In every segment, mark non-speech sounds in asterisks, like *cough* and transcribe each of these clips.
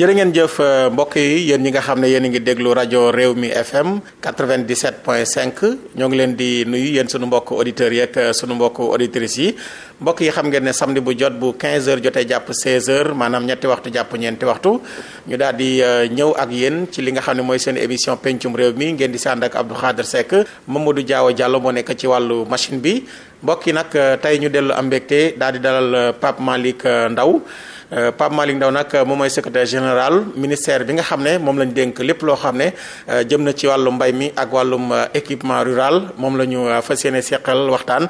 jërë ngeen jëf euh, mbokk yi yéen ñi nga xam ne yéen a ngi déglu rajo réew mi FM 97.5 ñoo ngi leen di nuyu yéen sunu mbokk auditeurs yi ak euh, sunu mbokk auditrices yi mbokk yi xam ngeen ne samedi bu jot bu 15h jotee jàpp 16h maanaam ñetti waxtu jàpp ñeenti waxtu ñu daal di euh, ñëw ak yéen ci li nga xam ne mooy seen émission pencum réew mi ngeen di sànd ak Abdou Khadre Seck Mamadou Diaw Diallo moo nekk ci wàllu machine bi mbokk yi nag tey ñu dellu am mbégte daal di dalal Pape Malick Ndao Euh, Pape Malick Ndaw nag moom mooy secrétaire général ministère bi nga xam ne moom lañu dénk lépp loo xam ne euh, jëm na ci wàllu mbay mi ak wàllum euh, équipement rural moom la ñu fas yéene seqal waxtaan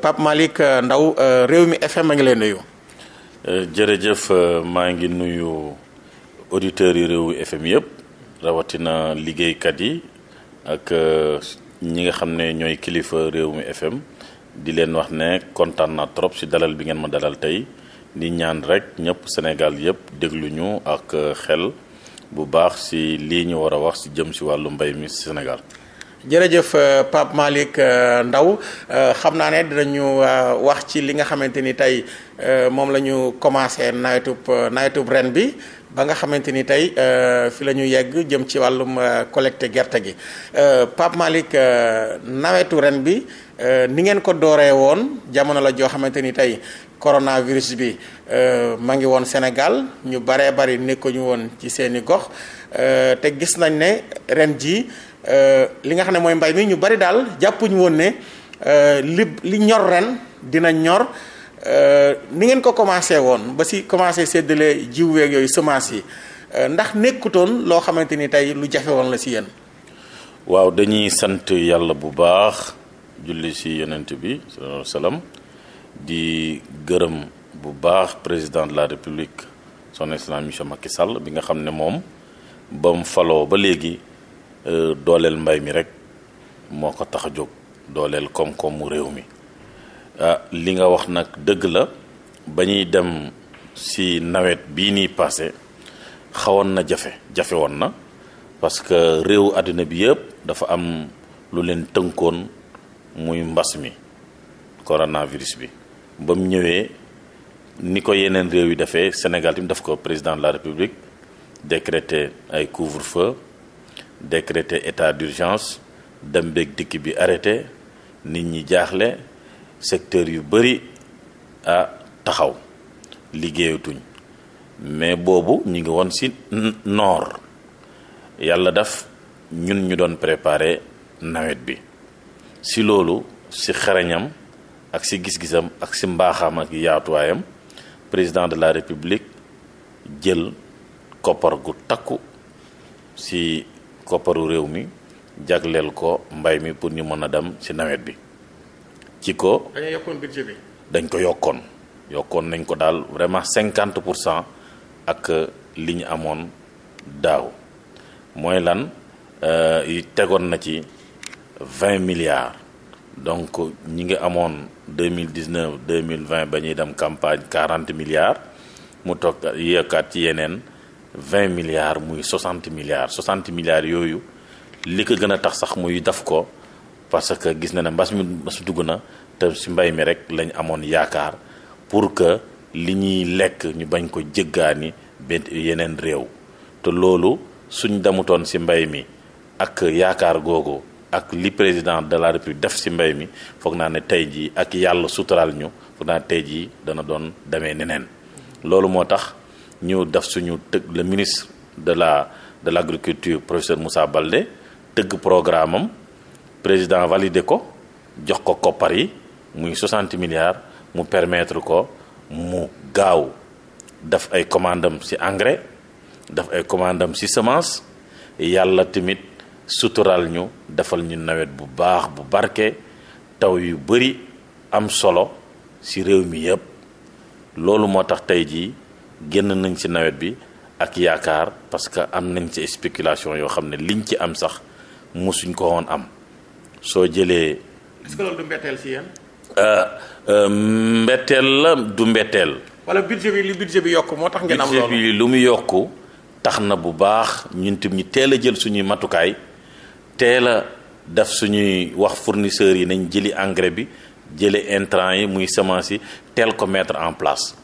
Pape Malick Ndaw réew mi FM a ngi leen nuyu. jërëjëf maa ngi nuyu auditeurs yi réewu FM yëpp rawatina liggéeykat yi ak ñi nga xam ne ñooy kilifa réew mi FM di leen wax ne kontaan naa trop si dalal bi ngeen ma dalal tey. di ñaan rek ñëpp Sénégal yëpp déglu ñu ak euh, xel bu baax ci lii ñu war a wax ci jëm ci wàllu mbay mi ci Sénégal. jërëjëf euh, Pape Malick euh, Ndaw xam naa ne dinañu wax ci li nga xamante ni tey moom la ñu commencé nawetub nawetub ren bi ba nga xamante ni tey fi la ñu yegg jëm ci wàllum collecte gerte gi Pape Malick nawetu ren bi ni ngeen ko dooree woon jamono la joo xamante ni tey coronavirus bi euh, ma ngi woon Sénégal ñu baree bari nekkuñu woon ci seeni gox euh, te gis nañ ne ren jii euh, li nga xam ne mooy mbay mi ñu bari daal jàppuñu woon ne li li ñor ren dina ñor ni ngeen ko commencé woon ba si commencé séddale jiw weeg yooyu semence yi ndax nekkutoon loo xamante ni tey lu jafe woon la si yéen. waaw dañuy sant yàlla bu baax julli si yonent bi sallallahu di gërëm bu baax président de la république son excellence monsieur Macky Sall bi nga xam ne moom ba mu faloo ba léegi euh, dooleel mbay mi rek moo ko tax a jóg dooleel koom-koomu réew mi ah, li nga wax nag dëgg la ba ñuy dem si nawet bii nii passé xawoon na jafe jafe woon na parce que réew àddina bi yëpp dafa am lu leen tënkoon muy mbas mi coronavirus bi ba mu ñëwee ni ko yeneen réew yi defee Sénégal tamit daf ko président de la République décrété ay couvre-feu décrété état d'urgence dem beeg dikk bi arrêté nit ñi jaaxle secteur yu bëri ah taxaw liggéeyatuñ mais boobu ñu ngi woon ci noor yàlla daf ñun ñu doon préparer nawet bi ci loolu ci xarañam ak si gis-gisam ak si mbaaxaam ak yaatuwaayam président de la république jël koppar gu takku si kopparu réew mi jagleel ko mbay mi pour ñu mën a dem si nawet bi ci ko dañoo dañ ko yokkoon yokkoon nañ ko daal vraiment cinquante pour cent ak li ñu amoon daaw mooy lan euh, tegoon na ci vingt milliards donc ñi ngi amoon deux mille dix neuf deux mille vingt ba ñuy dem campagne quarante milliards mu toog yokkaat ci yeneen vingt milliards muy soixante milliards soixante milliards yooyu li ko gën a tax sax muy daf ko parce que gis na ne mbas mi mbas dugg na te si mbay mi rek lañ amoon yaakaar pour que li ñuy lekk ñu bañ ko jëggaani benn yeneen réew te loolu suñ demutoon si mbay mi ak yaakaar googu. ak li président de la république def ci mbay mi foog naa ne tey jii ak yàlla suturaal ñu foog naa tey jii dana doon demee neneen loolu moo tax ñëw def suñu tëgg le ministre de la de l' agriculture professeur Moussa Baldé tëgg programme am président validé ko jox ko koppar yi muy 60 milliards mu permettre ko mu gaaw def ay commandam ci engrais def ay commandam ci semence yàlla tamit. sutural ñu defal ñu nawet bu baax bu barke taw yu bari am solo ci réew mi yépp loolu moo tax tey jii génn nañ ci nawet bi ak yaakaar parce que am nañ ci spéculation yoo xam ne liñ ci am sax mosuñ ko woon am soo jëlee. est-ce que loolu du mbetteel ci euh, euh, la du mbetteel. wala bi li bi yokk moo tax ngeen am loolu budget lu mu yokk tax na bu baax ñun tam ñu teel a jël suñuy matukaay. teel a def suñuy wax fournisseurs yi nañ jëli engrais bi jëlee intrants yi muy semence yi teel ko mettre en place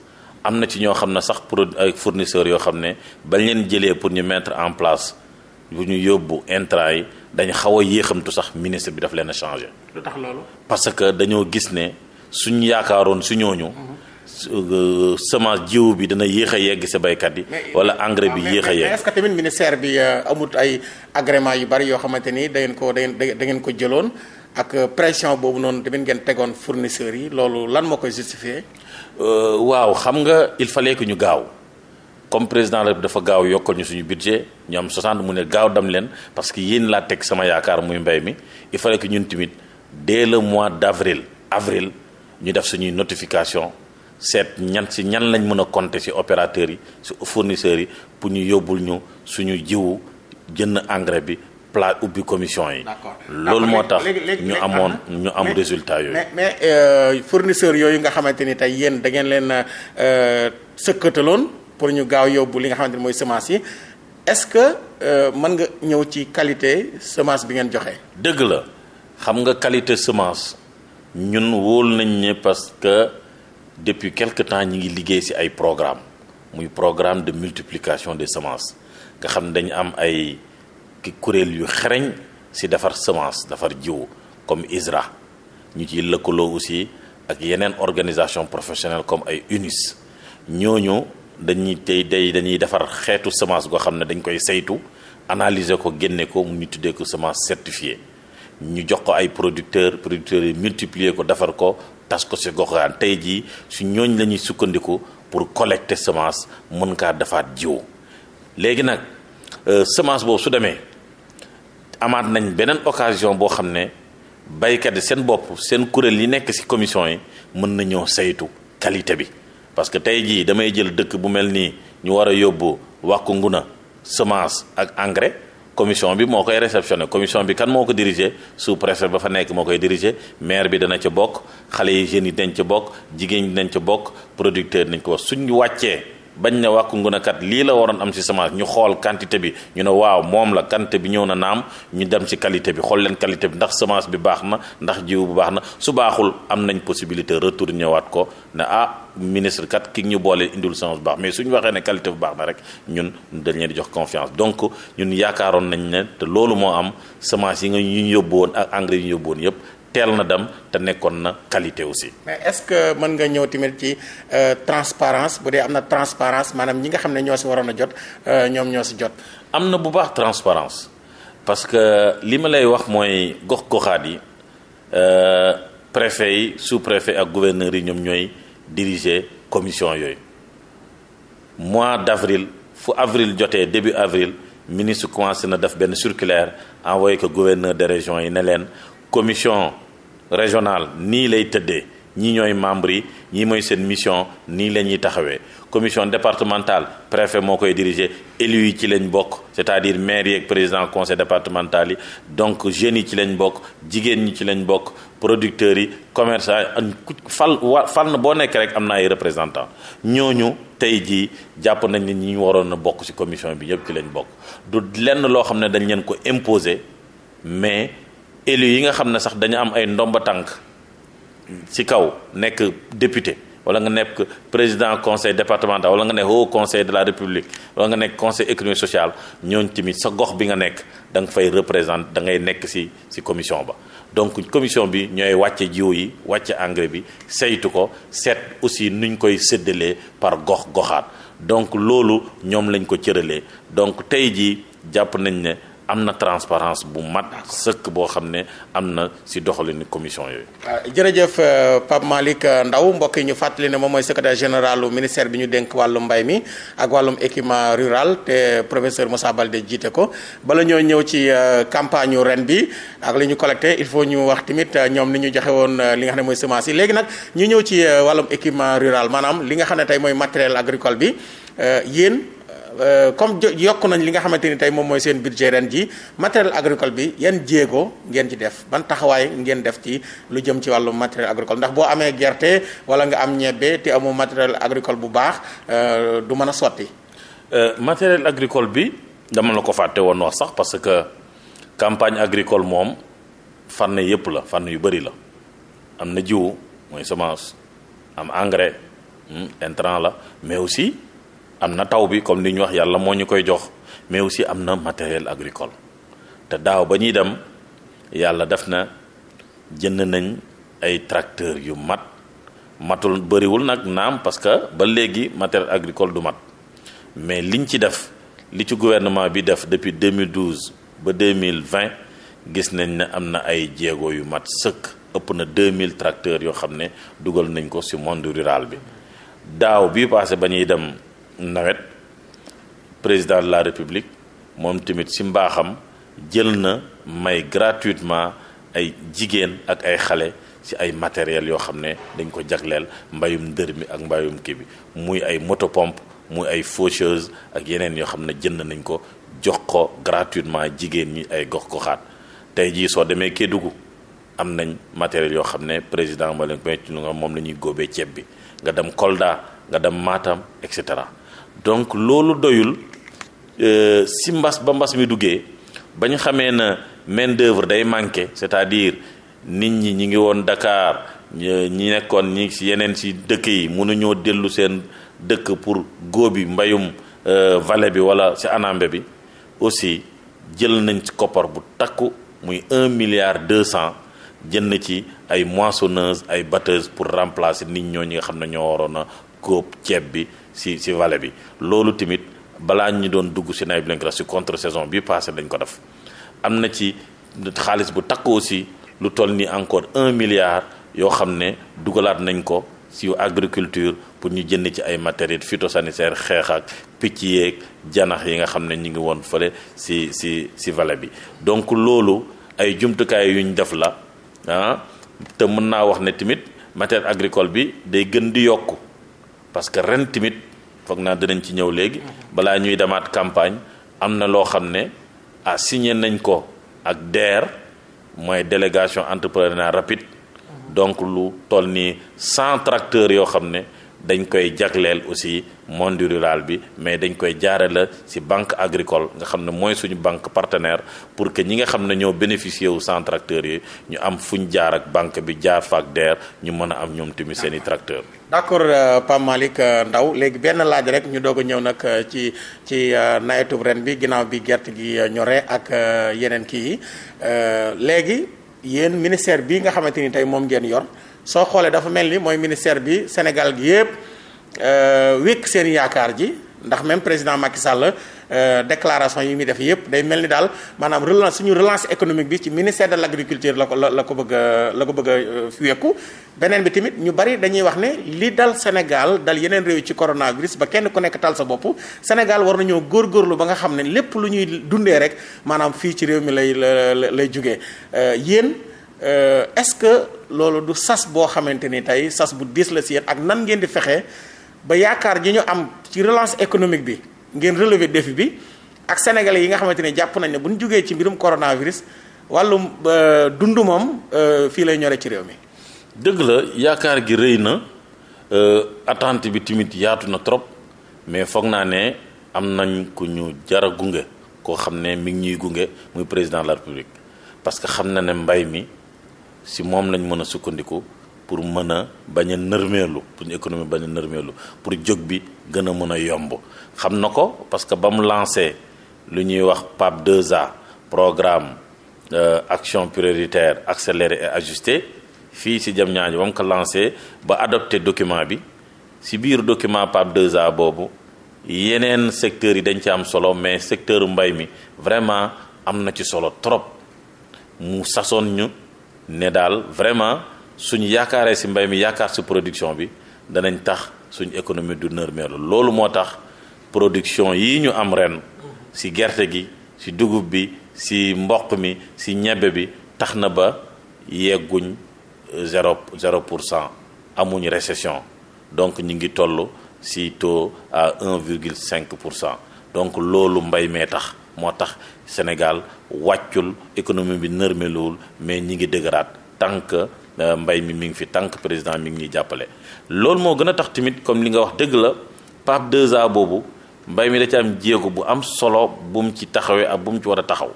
am na ci ñoo xam ne sax pour ay fournisseurs yoo xam ne bañ leen jëlee pour ñu mettre en place bu ñu yóbbu intrants yi dañ xaw a yéexamtu sax ministre bi daf leen a changé. lu tax loolu. parce que dañoo gis ne suñ yaakaaroon su ñooñu. Mhm. Euh, semence jiw bi dana yéex a yegg si baykat yi. wala engrais bi yéex a yegg. mais est-ce tamit ministère bi euh, amut ay agrément yu bari yoo xamante ni dangeen ko dangeen ngeen ko jëloon ak pression boobu noonu tamit ngeen tegoon fournisseurs yi loolu lan moo koy justifier. Euh, waaw xam nga il fallait que ñu gaaw. comme président la dafa gaaw yokkal ñu suñu budget ñu am 60 mu ne gaaw dam leen parce que yéen laa teg sama yaakaar muy mbay mi il fallait que ñun tamit dès le mois d' avril avril ñu def suñuy notification seet ñan si ñan lañ mën a compter si opérateurs yi si fournisseurs yi pour ñu yóbbul ñu suñu jiwu jënd engrais bi plat ubbi commission yi. d'accord loolu moo tax ñu amoon ah, ah. ñu am résultat yooyu. mais mais euh, yooyu nga xamante ni tey yéen da ngeen leen euh, sëkkataloon pour ñu gaaw yóbbu li nga xamante ni mooy semence yi est-ce que euh, mën nga ñëw ci qualité semence bi ngeen joxe. dëgg la xam nga qualité semence ñun wóol nañ ne parce depuis quelque temps ñi ngi liggéey ci ay programme muy programme de multiplication des semences nga xam ne dañu am ay ki kuréel yu xereñ ci defar semence defar jiw comme ISRA ñu ciy lëkkaloo aussi ak yeneen organisation professionnelle comme ay UNIS ñooñu dañuy tey day dañuy defar xeetu semence goo xam ne dañ koy saytu analyser ko génne ko mu ñu tuddee ko semence certifiée ñu jox ko ay producteurs producteurs yi multiplier ko defar ko tas ko si goxaan tey jii su ñooñ la ñuy sukkandiku pour collecter semence mën kaa defaat jiw léegi nag euh, semence boobu su demee amaat nañ beneen occasion boo xam ne baykat yi seen bopp seen kuréel yi nekk si commission yi mën na saytu qualité bi parce que tey jii damay jël dëkk bu mel nii ñu war a yóbbu wàkku nguna semence ak engrais commission bi moo koy ne commission bi kan moo ko dirigé sous préfet ba fa nekk moo koy dirigé maire bi dana ca bokk xale yi jeunes yi dañ ca bokk jigéen ñi dañ ca bokk producteur yi dañ ko suñ suñu wàccee bañ ne wàkku nguna kat lii la waroon am si semence ñu xool quantité bi ñu ne waaw moom la kant bi ñëw na naam ñu dem ci qualité bi xool leen qualité bi ndax semence bi baax na ndax jiw bu baax na su baaxul am nañ possibilité retour ñëwaat ko ne ah ministre kat ki ñu boole indil semence bu baax mais suñu waxee ne qualité bu baax na rek ñun dañ leen di jox confiance donc ñun yaakaaroon nañ ne te loolu moo am semence yi nga ñu yóbbu woon ak engrais yi ñu yóbbu yëpp teel na dem te nekkoon na qualité aussi. mais est-ce que mën nga ñëw tamit ci euh, transparence bu dee am na transparence maanaam ñi nga xam ne ñoo si waroon a jot euh, ñoom ñoo si jot. am na bu baax transparence parce que li ma lay wax mooy gox-goxaat yi euh, préfet yi sous-préfet ak gouverneur yi ñoom ñooy diriger commission yooyu mois d'avril fu avril jotee début avril ministre commencé na def benn circulaire envoyé ko gouverneur de régions yi ne leen commission régional nii lay tëddee ñii ñooy membre yi ñii mooy seen mission nii la ñuy taxawee commission départementale préfet moo koy diriger élus yi ci lañ bokk c'est-à-dire maire yeeg président conseil départemental yi donc jeunes yi ci lañ bokk jigéen ñi ci lañ bokk producteurs yi commerçant fal wa fal na boo nekk rek am na ay représentants ñooñu tey jii jàpp nañ ne ñi ñu waroon a bokk ci commission bi yëpp ci lañ bokk lenn loo xam ne dañ leen ko imposer mais. élu yi nga xam ne sax dañu am ay ndomba tànk ci kaw nekk député wala nga nekk président conseil départemental wala nga nekk conseil de la république wala nga nekk conseil économique social ñooñ tamit sa gox bi nga nekk da nga fay représenter da ngay nekk ci ci commission ba donc commission bi ñooy wàcce jiw yi wàcce engrais bi seytu ko seet aussi nuñ koy séddalee par gox goxaat donc loolu ñoom lañ ko cëralee donc tey jii jàpp nañ ne am na transparence bu mat sëkk boo xam ne am na si doxalinu commission yooyu. Ah, jërëjëf euh, Pape Malick euh, Ndaw mbokk yi ñu fàttali ne moom mooy secrétaire généralu ministère bi ñu dénk wàllu mbay mi ak wàllum équipement rural te professeur Moussa Baldé jiite ko bala ñoo ñëw ci euh, campagne yu ren bi ak li ñu collecté il faut ñu wax tamit ñoom ni ñu joxe woon li nga xam ne mooy semence yi léegi nag ñu ñëw ci wàllum équipement rural maanaam li nga xam ne tey mooy matériel agricole bi yéen. Euh, comme yokk nañ li nga xamante ni tey moom mooy seen budget ren ji matériel agricole bi yan jéego ngeen ci def ban taxawaay ngeen def ci lu jëm ci wàllu matériel agricole ndax boo amee gerte wala nga am ñebbe te amoo matériel agricole bu baax euh, du mën a sotti. Euh, matériel agricole bi dama la ko fàtte woon wax sax parce que campagne agricole moom fànn yëpp la fànn yu bëri la am na jiwu mooy semence am engrais hmm, intrant la mais aussi. am na taw bi comme li ñu wax yàlla moo ñu koy jox mais aussi am na matériel agricole te daaw ba ñuy dem yàlla def na jënd nañ ay tracteurs yu mat matul bëriwul nag naam parce que ba léegi matériel agricole du mat mais liñ ci def li ci gouvernement bi def depuis 2012 ba 2020 gis nañ ne am na ay jéego yu mat sëkk ëpp na 2000 tracteurs yoo xam ne dugal nañ ko si monde rural bi daaw bii passé ba ñuy dem. nawet président de la république moom tamit ci mbaaxam jël na may gratuitement ay jigéen ak ay xale ci ay matériel yoo xam ne dañ ko jagleel mbayum ndër mi ak mbayum kii bi muy ay moto motopompe muy ay faucheuse ak yeneen yoo xam ne jënd nañ ko jox ko gratuitement jigéen ñi ay gox goxaat tey jii soo demee Kédougou am nañ matériel yoo xam ne président ma leen ko ci moom la ñuy góobee ceeb bi nga dem Kolda nga dem maatam et cetera donc loolu doyul euh, si mbas ba mbas mi duggee ba ñu xamee na main d'œuvre day manqué c'est-à-dire nit ñi ñi ngi woon Dakar ñi nekkoon ñi si yeneen si dëkk yi mënuñoo dellu seen dëkk pour bi mbayum euh, vallée bi wala si anambe bi aussi jël nañ ci koppar bu takku muy un milliard deux cent jënd ci ay moissonneuse ay batteuse pour remplacer nit ñoo ñi nga xam ne ñoo waroon a góob ceeb bi si si vallée bi loolu tamit balaa ñu doon dugg si nawet bi lañ ko si contre saison bi passé lañ ko def am na ci xaalis bu takk aussi lu toll nii encore un milliard yoo xam ne dugalaat nañ ko si agriculture pour ñu jënd ci ay matériel phytosanitaire xeex ak picc yeeg janax yi nga xam ne ñu ngi woon fële si si si vallée bi donc loolu ay jumtukaay yu ñu def la ah te mën naa wax ne tamit matériel agricole bi day gën di yokk parce que ren tamit foog naa dinañ ci ñëw léegi. balaa ñuy demaat campagne am na loo xam ne ah signé nañ ko ak DER mooy délégation entrepreneuriat rapide. Mm-hmm. donc lu toll nii cent tracteurs yoo xam ne. dañ koy jagleel aussi monde rural bi mais dañ koy jaarale ci banque agricole nga xam ne mooy suñu banque partenaire pour que ñi nga xam ne ñoo bénéficier wu sans tracteurs yi ñu am fuñ jaar ak banque bi jaar fa ak DER ñu mën a am ñoom tamit seen i tracteurs. d'accord euh, Pape euh, Ndaw léegi benn laaj rek ñu doog ñëw nag euh, ci ci nawetu ren bi ginnaaw bi gerte gi ñore ak yeneen kii yi léegi yéen ministère bii nga xamante ni tey moom ngeen yor. soo xoolee dafa mel ni mooy ministère bi Sénégal gi yëpp euh, wékk seen yaakaar ji ndax même président Macky Sall euh, declaration yi muy def yëpp day mel ni daal maanaam relance suñu relance économique bi ci ministère de l' agriculture la ko la la ko bëgg a ko bëgg a euh, wékku beneen bi tamit ñu bari dañuy wax ne li dal Sénégal dal yeneen réew ci coronavirus ba kenn ku nekk tal sa bopp Sénégal war nañoo góor góorlu ba nga xam ne lépp lu ñuy dundee rek maanaam fii ci réew mi lay lay jugee yéen. Euh, est-ce que loolu du sas boo xamante ni tey sas bu diis la si ak nan ngeen di fexe ba yaakaar ji ñu am ci relance économique bi ngeen relever défi bi ak sénégalais yi nga xamante ni jàpp nañ ne bu ñu jógee ci mbirum coronavirus wàllum euh, dund moom euh, fii lay ñore ci réew mi. dëgg la yaakaar gi rëy na attente bi tamit yaatu na trop mais foog naa ne am nañ ku ñu jara gunge koo xam ne mi ngi ñuy gunge muy président de la république parce que xam na ne mbay mi. si moom lañ mën a sukkandiku pour mën a bañ a nërmeelu pour économie bañ a pour jóg bi gën a mën a yomb xam na ko parce que ba mu lancé lu ñuy wax PAP 2A programme euh, action prioritaire accélérée et ajustée fii si jam ñaajo ba mu ko lancé ba adopté document bi si biir document PAP de a boobu yeneen secteurs yi dañ ci am solo mais secteur mbay mi vraiment am na ci solo trop mu sasoon ñu ne daal vraiment suñu yaakaaree si mbay mi yaakaar si production bi danañ tax suñu économie du nërmeelu loolu moo tax production yi ñu am ren si gerte gi si dugub bi si mboq mi si ñebe bi tax na ba yegguñ euh, zéro sero pour cent amuñ récession donc ñu ngi toll si taux à 1,5 pour cent donc loolu mbay mee tax moo tax Sénégal wàccul économie bi nërmeluwul mais ñi ngi dëgëraat tant que euh, mbay mi mi ngi fi tànk président mi ngi ñuy jàppale. loolu moo gën a tax tamit comme li nga wax dëgg la PAP 2A boobu mbay mi da ci am jéego bu am solo bu mu ci taxawee ak bu mu ci war a taxaw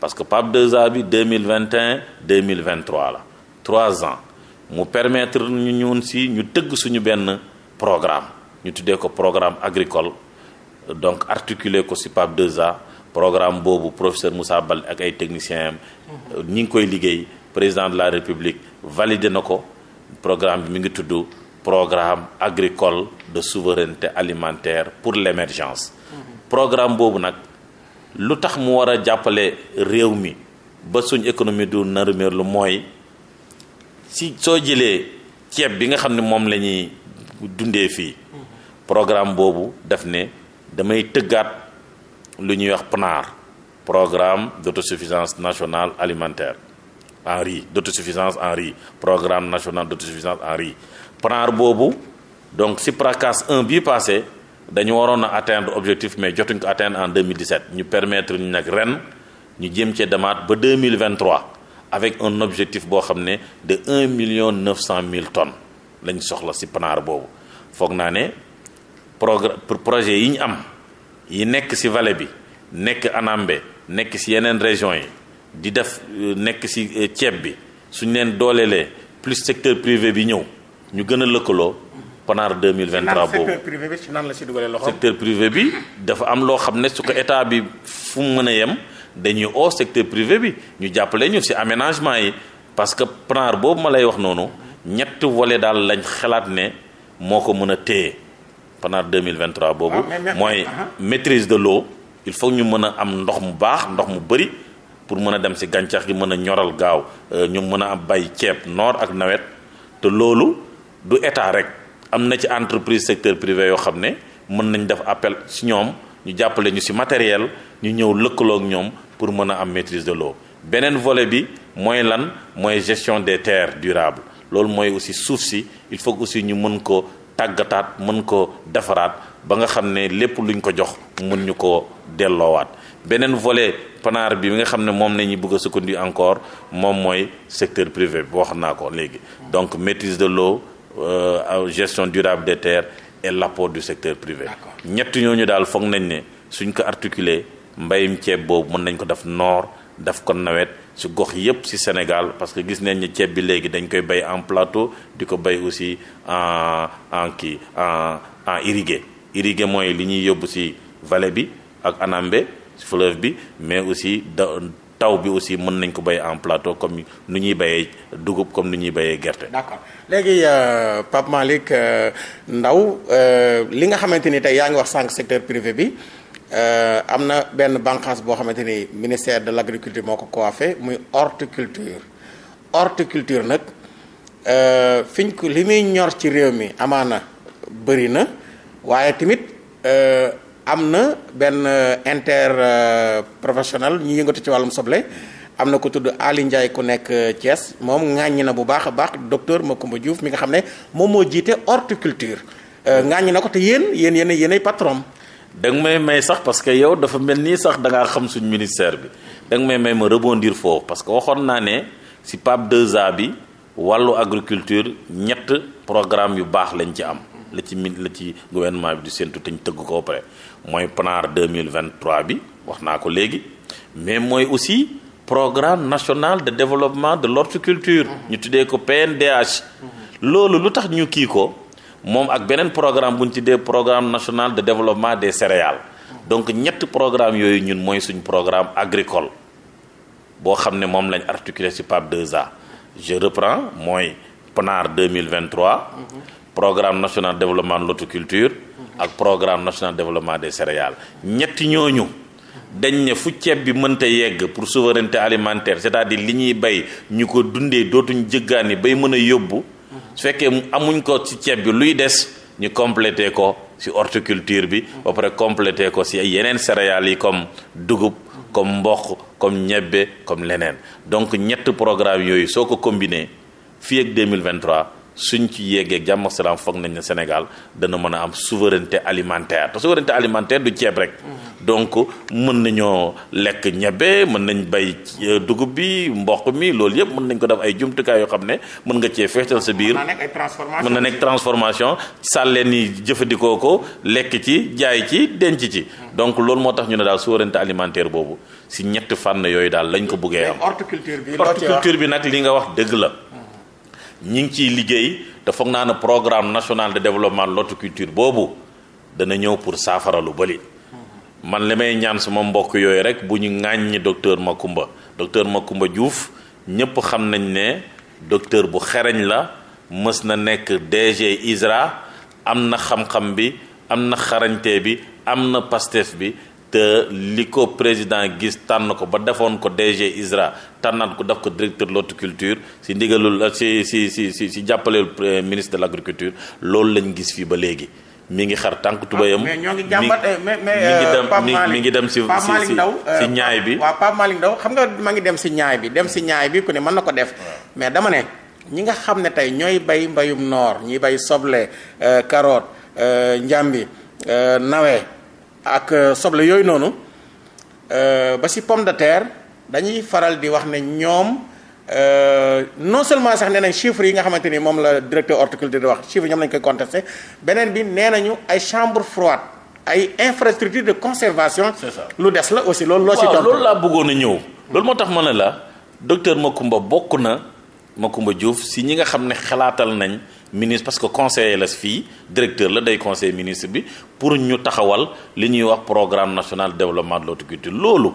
parce que PAP 2A bi 2021 2023 la trois ans mu permettre ñu ñun si ñu tëgg suñu benn programme ñu tuddee ko programme agricole donc articuler ko si PAP 2A. programme boobu professeur Moussa Bal ak ay techniciens am ñi ngi koy liggéey président de la république validé na ko programme bi mi ngi tudd programme agricole de souveraineté alimentaire pour l'émergence programme boobu nag lu tax mu war a jàppale réew mi ba suñ économie du narumir lu mooy si soo jëlee ceeb bi nga xam ne moom la ñuy dundee fii programme boobu def ne damay tëggaat lu ñuy wax PNAR programme d'autosuffisance nationale alimentaire en riz d'autosuffisance en riz programme national d'autosuffisance en riz PNAR boobu donc si PRACAS 1 bii passé dañu waroon a atteindre objectif mais jotuñ ko atteindre en 2017 ñu permettre ñu nag ren ñu jëm cee demaat ba 2023 avec un objectif boo xam ne de 1 million 900 mille tonnes lañu soxla si PNAR boobu foog naa ne progr projet yi ñu am. yi nekk ci vallée bi nekk Anambé nekk ci yeneen région yi di def euh, nekk ci euh, ceeb bi suñ leen dooleelee plus secteur privé bi ñëw ñu gën a lëkkaloo PANAR 2023 boobu secteur privé bi ci nan la ci dugalee loxo secteur privé bi dafa am loo xam ne su ko état bi fu mu mën a yem dañuy oo secteur privé bi ñu jàppale ñu ci aménagement yi parce que PANAR boobu ma lay wax noonu ñett volet daal lañ xalaat ne moo ko mën a téye pendant 2023 boobu. Ah, mooy ah, ah. maîtrise de l'eau il faut ñu mën a am ndox mu baax ndox mu bëri pour mën a dem si gàncax gi mën a ñoral gaaw euh, ñu mën a bay ceeb noor ak nawet te loolu du état rek am na ci entreprise secteur privé yoo xam ne mën nañ def appel si ñoom ñu jàppale ñu si matériel ñu ñëw lëkkaloog ñoom pour mën a am maîtrise de l'eau beneen volet bi mooy lan mooy gestion des terres durable loolu mooy aussi suuf si il faut aussi ñu mën ko tàggataat mën ko defaraat ba nga xam ne lépp luñ ko jox mun ñu ko delloowaat beneen volet panaar bi nga xam ne moom la ñuy bëgg a sukkandi encore moom mooy secteur privé bi wax naa ko léegi donc maîtrise de l'eau euh, gestion durable des terres et l'apport du secteur privé ñett ñooñu daal foog nañ ne suñ ko articuler mbayum ceeb boobu mën nañ ko def noor daf ko nawet si gox yépp si Sénégal parce que gis nañ ni ceeb bi léegi dañ koy bay en plateau di ko bay aussi en en kii en en irrigué irrigué mooy li ñuy yóbbu si vallée bi ak Anambé fleuve bi mais aussi da taw bi aussi mën nañ ko bay en plateau comme nu ñuy bayee dugub comme nu ñuy bayee gerte. d'accord léegi euh, Pape Malick euh, Ndao euh, li nga xamante ni tey yaa ngi wax sànq secteur privé bi. Euh, am na benn bànqaas boo xamante ni ministère de l' agriculture moo ko coiffé muy horticulture culture nag euh, fiñ ko li muy ñor ci réew mi amaana bëri na waaye tamit euh, am na benn inter professionnel ñu yëngatu ci wàllum soble am na ko tudd Ali ku nekk Thiès moom ŋàññi na bu baax a baax docteur Macoumba Diouf mi nga xam ne moom moo jiite horticulture ŋàññi na ko te yéen yéen yéen yéenay patron da nga may may sax parce que yow dafa mel nii sax da xam suñu ministère bi da nga may may ma rebondir foofu parce que waxoon naa ne si PAP 2A bi wàllu agriculture ñett programme yu baax lañ ci am la ci mi la ci gouvernement bi du séntu te ñu tëgg ko pare mooy PANAR 2023 bi wax naa ko léegi mais mooy aussi programme national de développement de l'horticulture mmh. ñu tuddee ko PNDH loolu lu tax ñu kii ko moom ak beneen programme bu ñu dee programme national de développement des céréales donc ñett programme yooyu ñun mooy suñ programme agricole boo xam ne moom lañ articulé ci PAP 2A je reprends mooy PNAR 2023 programme national de développement de culture ak programme national de développement des céréales ñetti ñooñu dañ ne fu ceeb bi mënta yegg pour souveraineté alimentaire c'est-à-dire li ñuy bay ñu ko dundee dootuñ jëggaani bay mën a yóbbu su fekkee amuñ ko ci ceeb bi luy des ñu complété ko ci horticulture bi ba pare complété ko ci ay yeneen céréales yi comme dugub comme mboq comme ñebbe comme leneen donc ñett programme yooyu soo ko combiné fii ak 2023 suñ ci yéegee jàmm ak salaam foog nañ na Sénégal dana mën a am souveraineté alimentaire te souveraineté alimentaire du ceeb rek. Mm. donc mën nañoo lekk ñebe mën nañ bay euh, dugub bi mboq mi loolu yëpp mën nañ ko def ay jumtukaay yoo xam ne mën nga cee feetal sa biir. mën na nekk transformation mën na nekk transformation sàlleen yi jëfandikoo ko lekk ci jaay ci denc ci. Mm. donc loolu moo tax ñu ne daal souveraineté alimentaire boobu si ñett fànn yooyu daal lañ ko buggee am. horticulture bi bi nag li nga wax dëgg la. ñi ngi ciy liggéey te foog naa ne programme national de développement de l'horticulture boobu dana ñëw pour saafara lu bëri. man la may ñaan sama mbokk yooyu rek bu ñu ŋàññi docteur Macoumba docteur Macoumba Diouf ñëpp xam nañ ne docteur bu xereñ la mës na nekk DG ISRA am na xam-xam bi am na xarañte bi am na Pastef bi te li ko président gis tànn ko ba defoon ko DG ISRA tànnaat ko def ko directeur culture si ndigalul si si si si si jàppaleel ministre de l'agriculture loolu lañ gis fii ba léegi mi ngi xar tànk tubayam ah, mais ñoo ngi jàmbat eh, mais mais euh, mi ngi dem si Pape Malick Ndao euh, ñaay bi waaw Pape xam nga ma ngi dem si ñaay bi dem si ñaay bi ku ne mën na ko def mais dama ne ñi nga xam ne tey ñooy bay mbayum noor ñu bay soble euh, carotte njàmbi nawe ak euh, soble yooyu noonu euh, ba ci pomme de terre dañuy faral di wax ne ñoom euh, non seulement sax nee nañ chiffres yi nga xamante ni moom la directeur horticulture di wax chiffres ñoom lañ koy contesté beneen bi nee nañu ay chambre froide ay infrastructure de conservation. lu des la aussi loolu. loo ci laa bëggoon a ñëw. loolu moo tax ma ne la docteur Macoumba bokk na Macoumba Diouf si ñi nga xam ne xalaatal nañ. ministre parce que conseiller la fii directeur la day conseil ministre bi pour ñu taxawal li ñuy wax programme national de développement de l'horticulture loolu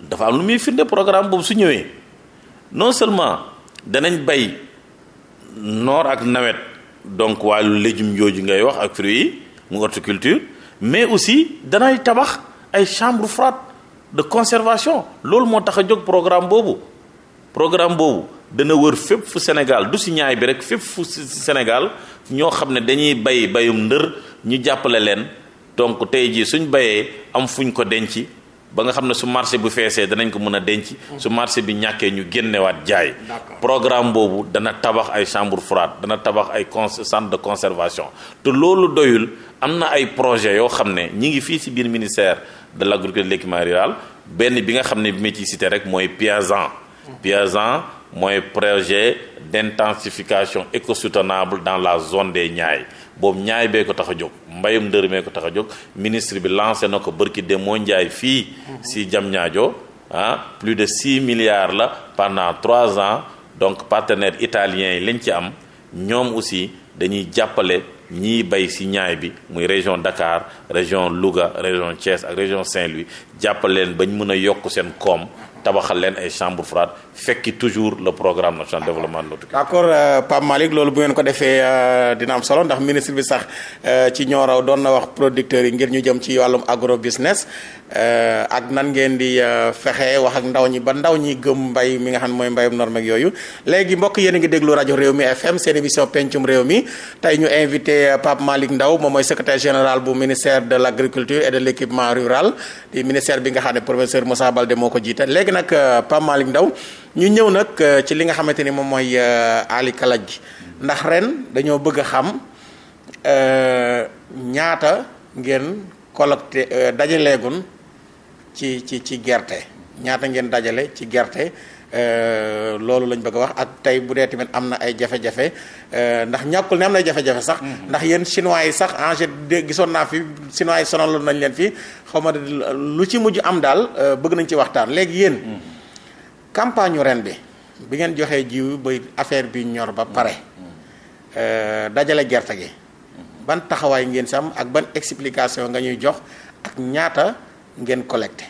dafa am lu muy firnde programme boobu su ñëwee non seulement danañ bay noor ak nawet donc wàllu légume jooju ngay wax ak fruits yi mu horticulture mais aussi danay tabax ay chambre froide de conservation loolu moo tax a jóg programme boobu programme boobu dana wër fépp fu Sénégal du si ñaay bi rek fépp fu Sénégal ñoo xam ne dañuy bay bayum ndër ñu jàppale leen donc tey jii suñ bayee am fuñ ko denc ba nga xam ne su marché bu feesee danañ ko mën a denc su marché bi ñàkkee ñu génnewaat jaay programme boobu dana tabax ay chambre froide dana tabax ay con de conservation te loolu doyul am na ay projet yoo xam ne ñi ngi fii ci biir ministère de l'agriculture et de rural benn bi nga xam ne bi ma rek mooy Piazan Piazan mooy projet d'intensification écosoutenable dans la zone des Niayes boobu Niayes bee ko tax a jóg mbayum ndër ko tax a jóg ministre bi lancé na ko bërki de moo njaay fii si Diamniadio ah plus de 6 milliards la pendant trois ans donc partenaires italiens yi lañ ci am ñoom aussi dañuy jàppale ñiy bay si ñaay bi muy région Dakar région Louga région Thiès ak région Saint-Louis jàppale leen bañ mën a yokk seen koom tabaxal leen ay chambre froide fekki toujours le programme national développement de l'autocueillette. d'accord euh, Pape Malick loolu bu ngeen ko defee euh, dina solo ndax ministre bi sax euh, ci ñooraw doon na wax producteur yi ngir ñu jëm ci wàllum agro business ak nan ngeen di fexe wax ak ndaw ñi ba ndaw ñi gëm mbay mi nga xam ne mooy mbayum norme ak yooyu léegi mbokk yéen a ngi déglu rajo réew mi FM seen émission pencum réew mi tey ñu invité Pape Malick Ndao moom mooy secrétaire général bu ministère de l'agriculture de l'équipement rural di ministère bi nga xam ne professeur Moussa nag euh, Pape Malick Ndaw ñu ñëw nag euh, ci li nga xamante ni moom mooy euh, Ali Kalaj ndax ren dañoo bëgg a xam ñaata ngeen collecté dajaleegun ci ci ci gerte ñaata ngeen dajale ci gerte Euh, loolu lañ bëgg a wax ak tey bu dee tamit am na ay jafe-jafe euh, ndax ñàkkul ne am na jafe-jafe sax. Mm. ndax yéen chinois yi sax ah, en de gisoon naa fi chinois yi sonon sonaloon nañ leen fi xawma ma lu ci mujj am daal euh, bëgg nañu ci waxtaan léegi yéen. Mm. campagne ren bi bi ngeen joxee jiw ba affaire bi ñor ba pare mm. dajale gerte gi. ban taxawaay ngeen si am ak ban explication nga ñuy jox ak ñaata ngeen collecté.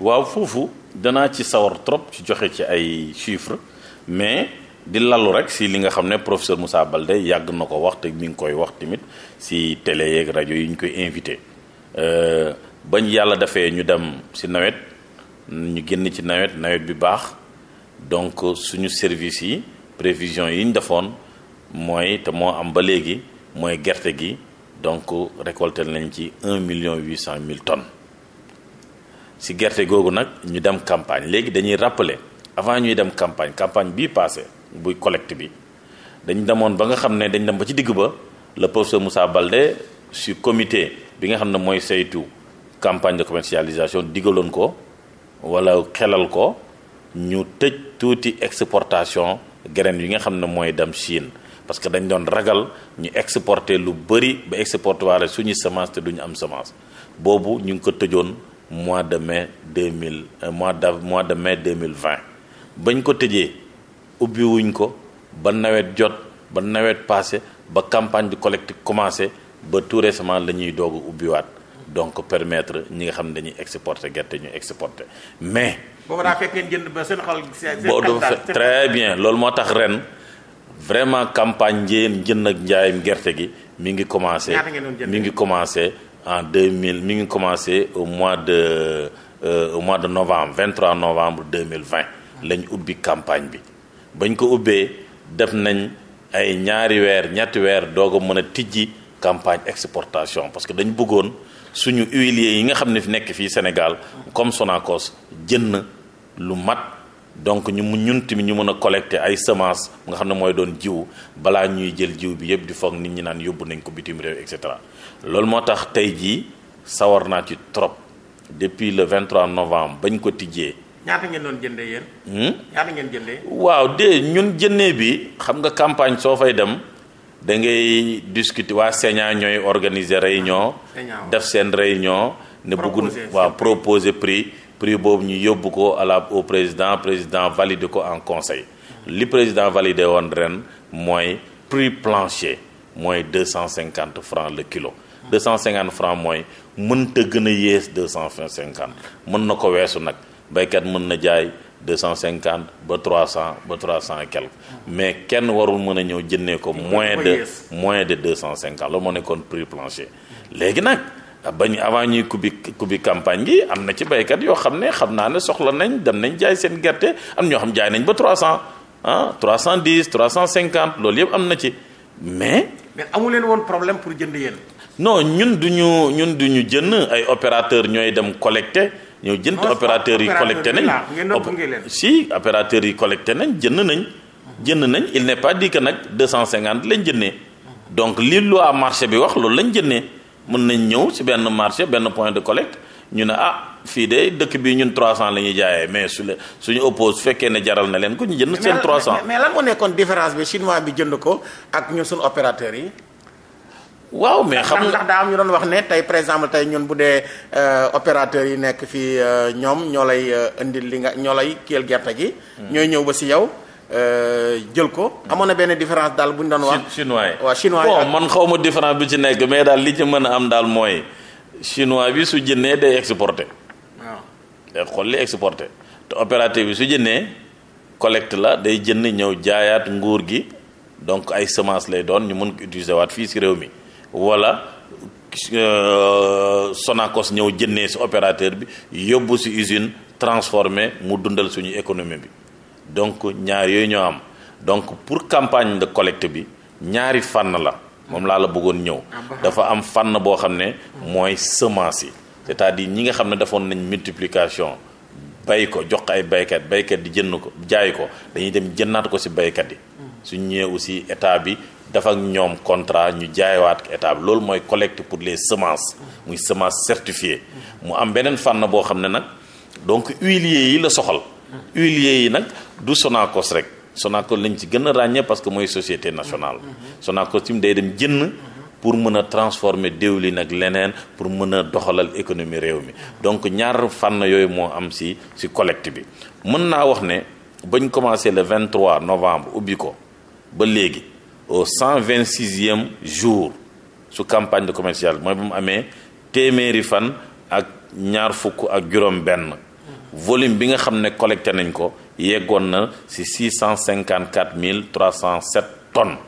waaw foofu danaa ci sawar trop ci joxe ci ay chiffres mais di lalu rek si li nga xam ne professeur Moussa Baldé yàgg na ko wax te mi ngi koy wax tamit si télé yeeg rajo yi ñu koy invité euh, bañ yàlla defee ñu dem si nawet ñu génn ci nawet nawet bi baax donc suñu service yi prévision yi ñu defoon mooy te moo am ba léegi mooy gerte gi donc récolté nañ ci un million huit cent mille tonnes. si gerte googu nag ñu dem campagne léegi dañuy rappeler avant ñuy dem campagne campagne bii passé buy collecte bi dañu demoon ba nga xam ne dañ dem ba ci digg ba le professeur Moussa Baldé si comité bi nga xam ne mooy saytu campagne de commercialisation digaloon ko wala xelal ko ñu tëj tuuti exportation graine yi nga xam ne mooy dem Chine parce que dañ doon ragal ñu exporter lu bëri ba exporter waale suñu semence te duñu am semence boobu ñu ngi ko tëjoon mois de mai deux mille euh, mois d' mois de mai deux mille vingt bañ ko tëjee ubbi wuñ ko ba nawet jot ba nawet passé ba campagne bi collect commencé ba tout récemment la ñuy doog ubbiwaat donc permettre ñi nga xam ne dañuy exporter gerte ñu exporter mais. boobu daa fekk ngeen jënd loolu moo tax ren vraiment campagne njënd ak njaayum gerte gi mi ngi commencé. mi ngi commencé. en 2000 mi ngi commencé au mois de euh, au mois de novembre 23 novembre 2020 la ñu ubbi campagne bi bañ ko ubbee def nañ ay ñaari weer ñetti weer doo ko mën a tijji campagne exportation parce que dañu bëggoon suñu huiliers yi nga xam ne fi nekk fii Sénégal comme Sonacos jënd lu mat. donc ñun mu ñun tamit ñu mën a collecter ay semences nga xam ne mooy doon jiw balaa ñuy jël jiw bi yëpp di foog nit ñi naan yóbbu nañ ko bitim réew et cetera loolu moo tax tey jii sawar naa ci trop depuis le 23 novembre bañ ko tijjee. ñaata ngeen doon jëndee yéen. Hmm? ñaata ngeen jëndee. waaw de ñun jëndee bi xam nga campagne soo fay dem. da ngay discuter waa Sénat ñooy organiser réunion. def seen réunion. ne bëgg waaw proposer prix. prix boobu ñu yóbbu ko à la au président président valide ko en conseil li président valide woon ren mooy prix plancher mooy deux cent cinquante francs le kilo. deux cent cinquante francs mooy mënta gën a yées deux cent cinquante mën na ko weesu nag baykat mën na jaay. 250 ba 300 ba 300 et quelque mais kenn warul mën a ñëw jëndee ko moins de moins de 250 loolu moo nekkoon prix plancher léegi nag Ah, bañ avant ñuy kubbi kubbi campagne gi am na ci baykat yoo xam ne xam naa ne soxla nañ dem nañ jaay seen gerte am ñoo xam jaay nañ ba 300 ah, trois cent cinquante loolu yëpp am na ci mais. mais amu leen woon problème pour jënd yéen. non ñun du ñu ñun du ñu jënd ay opérateur ñooy dem collecté ñoo jënd opérateurs yi collecté nañ si opérateurs yi collecté nañ jënd nañ jënd nañ il n'est pas dit que nag 250 lañ jëndee donc li loi marché bi wax loolu lañ jëndee mën nañ ñëw si benn marché benn point de collecte ñu ne ah fii de dëkk bi ñun 300 la ñuy jaayee mais su le suñu oppose fekkee ne jaral na leen ko ñu jënd seen 300 mais lan moo nekkoon différence bi chinois bi jënd ko ak ñun suñu opérateur yi waaw mais xam ndax daa am ñu doon wax ne tey par exemple tey ñun bu dee euh, opérateurs yi nekk fii euh, ñoom ñoo lay euh, indil li nga ñoo lay kiyal gerte gi hmm. ñooy ñëw ba si yow Euh, jël ko. amoon na benn différence daal bu ñu doon wax. chinois yi oo man xawma ma différence bi ci nekk mais daal li ci mën a am daal mooy chinois bi su jëndee day exporté. waaw day xool li te opérateur bi su jënnee collect la day jënd ñëw jaayaat nguur gi donc ay semence lay doon ñu mën ko utiliser waat fii si réew mi wala. Euh, Sonacos ñëw jënnee ci opérateur bi yóbbu ci usine transformé mu dundal suñu économie bi donc ñaar yooyu ñoo am donc pour campagne de collecte bi ñaari fànn la moom laa la bëggoon ñëw ah, dafa am fànn boo xam ne mooy semence yi cest à ñi nga xam ne defoon nañ multiplication bay ko jox ay baykat baykat di jënd ko jaay ko dañuy dem jënnaat ko ci baykat yi hmm. suñ ñëwee aussi état bi dafa ñoom contrat ñu jaayawaat état bi loolu mooy collecte pour les semences hmm. muy semence certifiée hmm. mu am beneen fànn boo xam ne nag donc huiliers yi la soxal du Sonacos rek Sonacos lañ ci gën a ràññee parce que mooy société nationale. Mhm. Sonacos tim day dem jënd. pour mën a transformer déwlin ak leneen pour mën a doxalal économie réew mi donc ñaar fànn yooyu moo am si si collecte bi mën naa wax ne bañ commencé le 23 novembre ubbi ko ba léegi au 126e jour su campagne de commercial mooy bu mu amee téeméeri fan ak ñaar fukk ak juróom benn mhm. volume bi nga xam ne collecté nañ ko yeggoon na ci 654 307 tonnes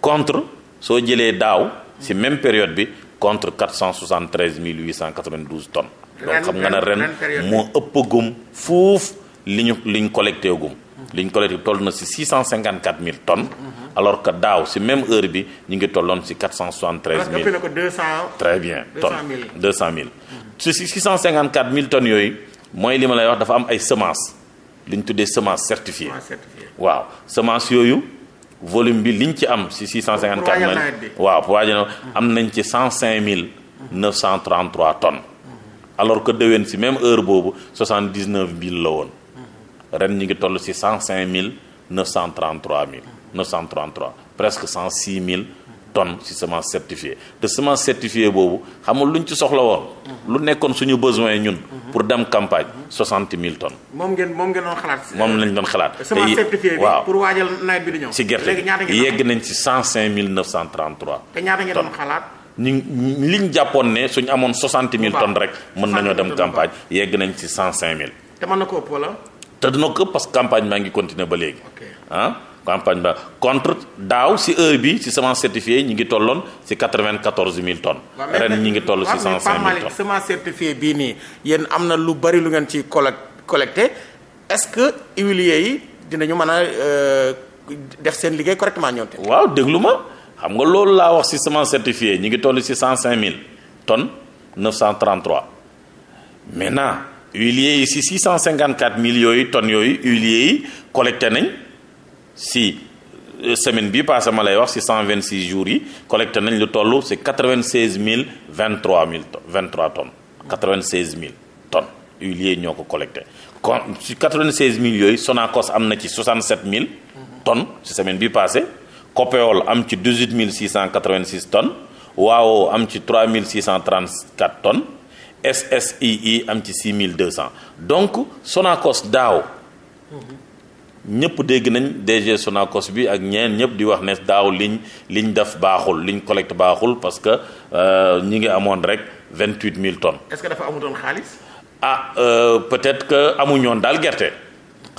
contre soo jëlee daaw si même période bi contre 473 892 tonnes. donc xam nga ne ren moo ëpp gum fuuf li ñu li ñu collecté gum. Mm-hmm. li ñu collecté toll na ci 654 000 tonnes. Mm-hmm. alors que daaw ci même heure bi ñu ngi tolloon ci 473 000. très bien tonnes 200 000. ci 654 mille tonnes yooyu. mooy li ma lay wax dafa am ay semence li ñu tuddee semence certifiée waaw semence yooyu volume bi li liñ ci am si 654 man waaw pour waajal am nañ ci 105 933 tonnes alors que déwén si même heure boobu 79 000 la woon ren ñu ngi toll si 105 933 mille 933 presque 106 000 tonnes ci semence certifiée te semence certifiée boobu xamul lu luñ ci soxla woon. lu nekkoon suñu besoin ñun. pour dem campagne soixante mille tonnes. moom ngeen moom ngeen xalaat. moom lañ doon xalaat. te semence certifiée bi pour waajal nawet bi gerte yegg nañ ci cent cinq mille neuf cent trente trois. te ñaata ngeen ñu liñ jàppoon ne suñu amoon soixante mille tonnes rek. mën nañoo dem campagne yegg nañ ci cent cinq mille. te man na ko ëpp wala. te dina ko ëpp parce maa ngi continuer ba léegi ah. campagne ba contre daaw si heure bi si semence certifiée ñi ngi tolloon si 94 000 tonnes. ren ñi ngi toll si 105 000 tonnes semence nii yéen am na lu bari lu ngeen ci collecte est-ce que huiliers yi dinañu mën a euh, def seen liggéey correctement ñoom tamit. waaw déglu ma xam nga loolu laa wax si semence certifiée ñi ngi toll si 105 000 tonnes 933 maintenant huiliers yi si 654 000 yooyu tonnes yooyu huiliers yi collecté nañ. si euh, semaine bi passé ma lay wax si 126 jours yi collecté nañ lu toll si 96 mille 23 mille 23 tonnes 96 mille tonnes lii ñoo ko collecté kon si 96 mille yooyu Sonacos am na ci 67 mille tonnes si semaine bi passé Copéol am ci 18 mille 686 tonnes waaw am ci 3 mille 634 tonnes SSII am ci 6 mille deux 200 donc sonakos daaw. Mhm. ñëpp dégg nañ DG Sonacos bi ak ñeen ñëpp di wax ne daaw liñ liñ def baaxul liñ collecte baaxul parce que euh, ñi ngi amoon rek vingt huit mille tonnes. est-ce que dafa amutoon xaalis. ah euh, peut-être que amuñoon daal gerte.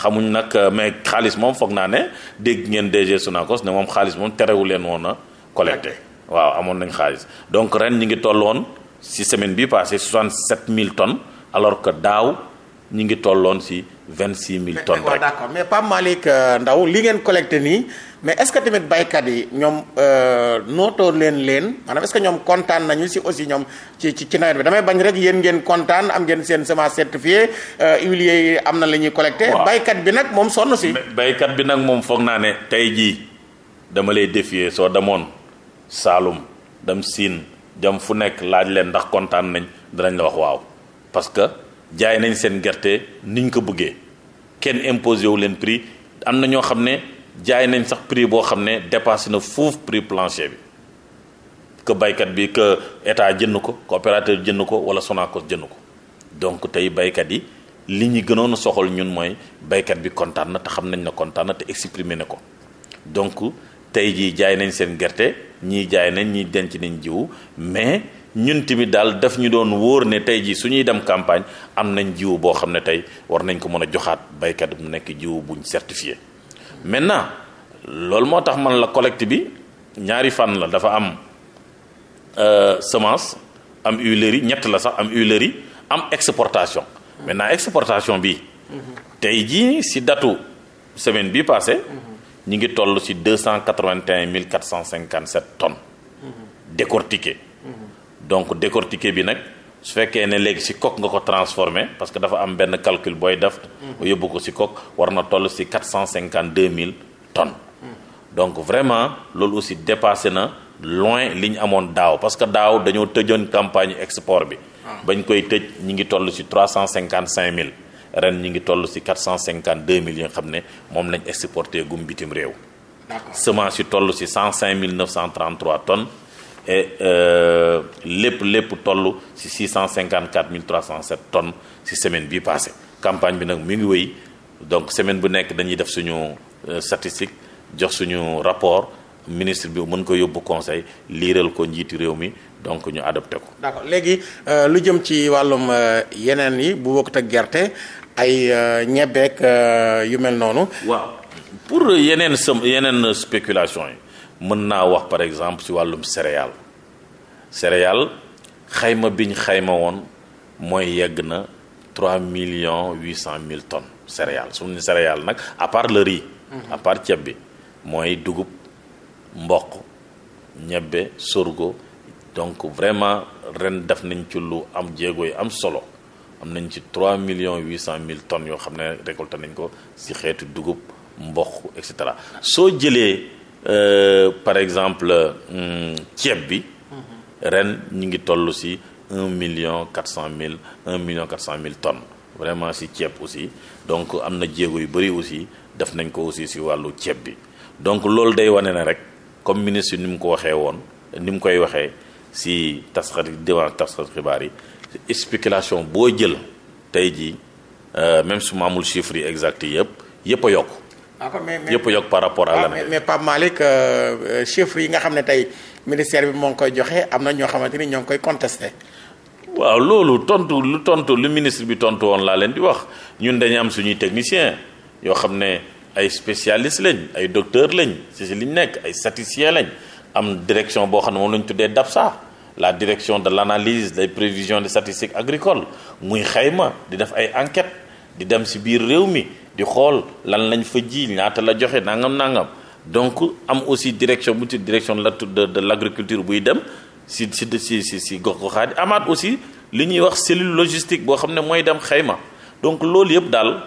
xamuñ nag euh, mais xaalis moom foog naa ne dégg ngeen DG Sonacos ne moom xaalis moom terewu leen woon a collecté waaw amoon nañ xaalis donc ren ñu ngi tolloon ci semaine bi passé mille tonnes alors que daaw. ñu ngi tolloon si vingt six mill ton rek. d'accord mais Pape Malick euh, ndaw li ngeen collecté nii mais est-ce que tamit baykat yi ñoom euh, nootoo leen leen maanaam est que ñoom kontaan nañu si aussi ñoom ci ci ci nawet bi damay bañ rek yéen ngeen kontaan am ngeen seen semence certifiée euh, huiliers yi am na la ñuy collecté. baykat bi nag moom sonn si. baykat bi nag moom foog naa ne tey jii dama lay défier soo demoon Saalum dem Siin dem fu nekk laaj leen ndax kontaan nañ danañ la wax waaw parce jaay nañ seen gerte niñ ko buggee kenn imposé wu leen prix am na ñoo xam ne jaay nañ sax prix boo xam ne dépassé na fuuf prix plancher bi que baykat bi que état jënd ko coopérateur jënd ko wala Sonacos jën ko donc tey baykat yi li ñu gënoon soxal ñun mooy baykat bi kontaan na te xam nañ ne kontaan te exprimer na ko donc tey jii jaay nañ seen gerte ñii jaay nañ ñii denc nañ jiwu mais. ñun tamit daal daf ñu doon wóor ne tey jii su ñuy dem campagne am nañ jiw boo xam ne tey war nañ ko mën a joxaat baykat mu nekk jiw buñ certifié maintenant loolu moo tax man la collecte bi ñaari fànn la dafa am euh, semence am huilerie ñett la sax am huilerie am exportation maintenant exportation bi tey jii si datu semaine bi passé ñu ngi toll si deux cent quatre-vingt-un mille quatre cent cinquante-sept tonnes décortiquées donc décortiqué bi nag su fekkee ne léegi si coque nga ko transformé parce que dafa am benn calcul booy def. yóbbu ko si coque war na toll si 452 000 tonnes. donc vraiment loolu aussi dépassé na loin li ñu amoon daaw parce que daaw dañoo tëjoon campagne export bi. Ah. bañ koy tëj ñi ngi toll si cinquante 355 000 ren ñi ngi toll si 452 000 yi nga xam ne moom lañ exporté gum bitim réew. semence yi toll si 105 933 tonnes. et euh, lépp lépp toll ci 654 307 tonnes ci semaine bi passé campagne bi nag mu ngi wéy donc semaine bu nekk dañuy def suñu euh, statistique jox suñu rapport ministre bi mën ko yóbbu conseil liiral ko njiitu réew mi donc ñu adopté ko. d'accord léegi euh, lu jëm ci wàllum yeneen yi bu bokkut ak gerte ay ñebeek yu mel noonu. waaw pour yeneen sem yeneen spéculation yi. mën naa wax par exemple si wàllum céréale céréale xayma biñ xayma woon mooy yegg na trois millions huit cent mille tonnes céréales suñu céréale nag à part le riz. Mhm. à part ceeb bi mooy dugub mboq ñebbe sorgho donc vraiment ren def nañ ci lu am jéego yi am solo am nañ ci trois millions huit cent mille tonnes yoo xam ne récolté nañ ko si xeetu dugub mboq et cetera soo jëlee. Euh, par exemple hmm, ceeb bi ren ñu ngi toll si un million quatre cent mille un million cent mille tonnes vraiment si ceeb aussi donc am na jéego yu bëri aussi def nañ ko aussi si wàllu ceeb bi donc loolu day wane ne rek comme ministre ni mu ko waxee woon ni mu koy waxee si tasxat devant tasxat xibaar yi spéculation boo jël tey jii euh, même su ma amul yi exact yëpp yëpp a yokk d'accord mais yëpp yokk par rapport à ah, l'année. mais mais Pape euh, euh, yi nga xam ne tey ministère bi moo ngi koy joxe am na ñoo xamante ni ñoo ngi koy contesté. waaw loolu tontu lu tontu lu ministre bi tontu woon laa leen di wax ñun dañu am suñuy technicien yoo xam ne ay spécialiste lañ ay docteur lañ ci si liñ nekk ay statisticien lañ am direction boo xam ne moom la ñu tuddee DAPSA la direction de l'analyse des prévision de statistiques agricole muy xayma di def ay enquêtes di dem si biir réew mi. di xool lan lañ fa jii ñaata la joxe nangam nangam donc am aussi direction bu ci direction la de de l' agriculture buy dem si si si si si gox goxaat amaat aussi li ñuy wax cellule logistique boo xam ne mooy dem xayma donc loolu yëpp daal.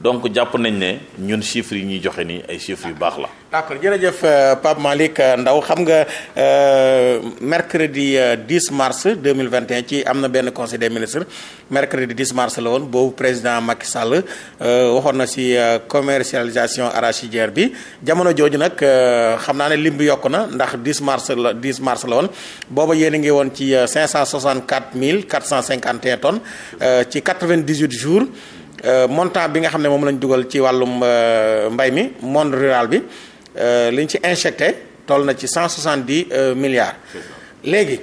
donc jàpp nañ ne ñun chiffres yi ñuy joxe nii ay chiffres yu baax la. d'accord jërëjëf euh, Pape Malick Ndao xam nga euh, mercredi 10 euh, mars 2021 ci am na benn conseil des ministres mercredi 10 mars la woon boobu président Macky Sall waxoon na si commercialisation arachidière bi jamono jooju nag xam naa ne lim bi yokku na ndax 10 mars la 10 mars la woon booba yéen a ngi woon ci 564 451 tonnes ci 98 jours. Euh, montant bi nga xam ne moom lañ dugal ci wàllum euh, mbay mi monde rural bi euh, liñ ci injecté toll na ci cent soixante dix milliards. léegi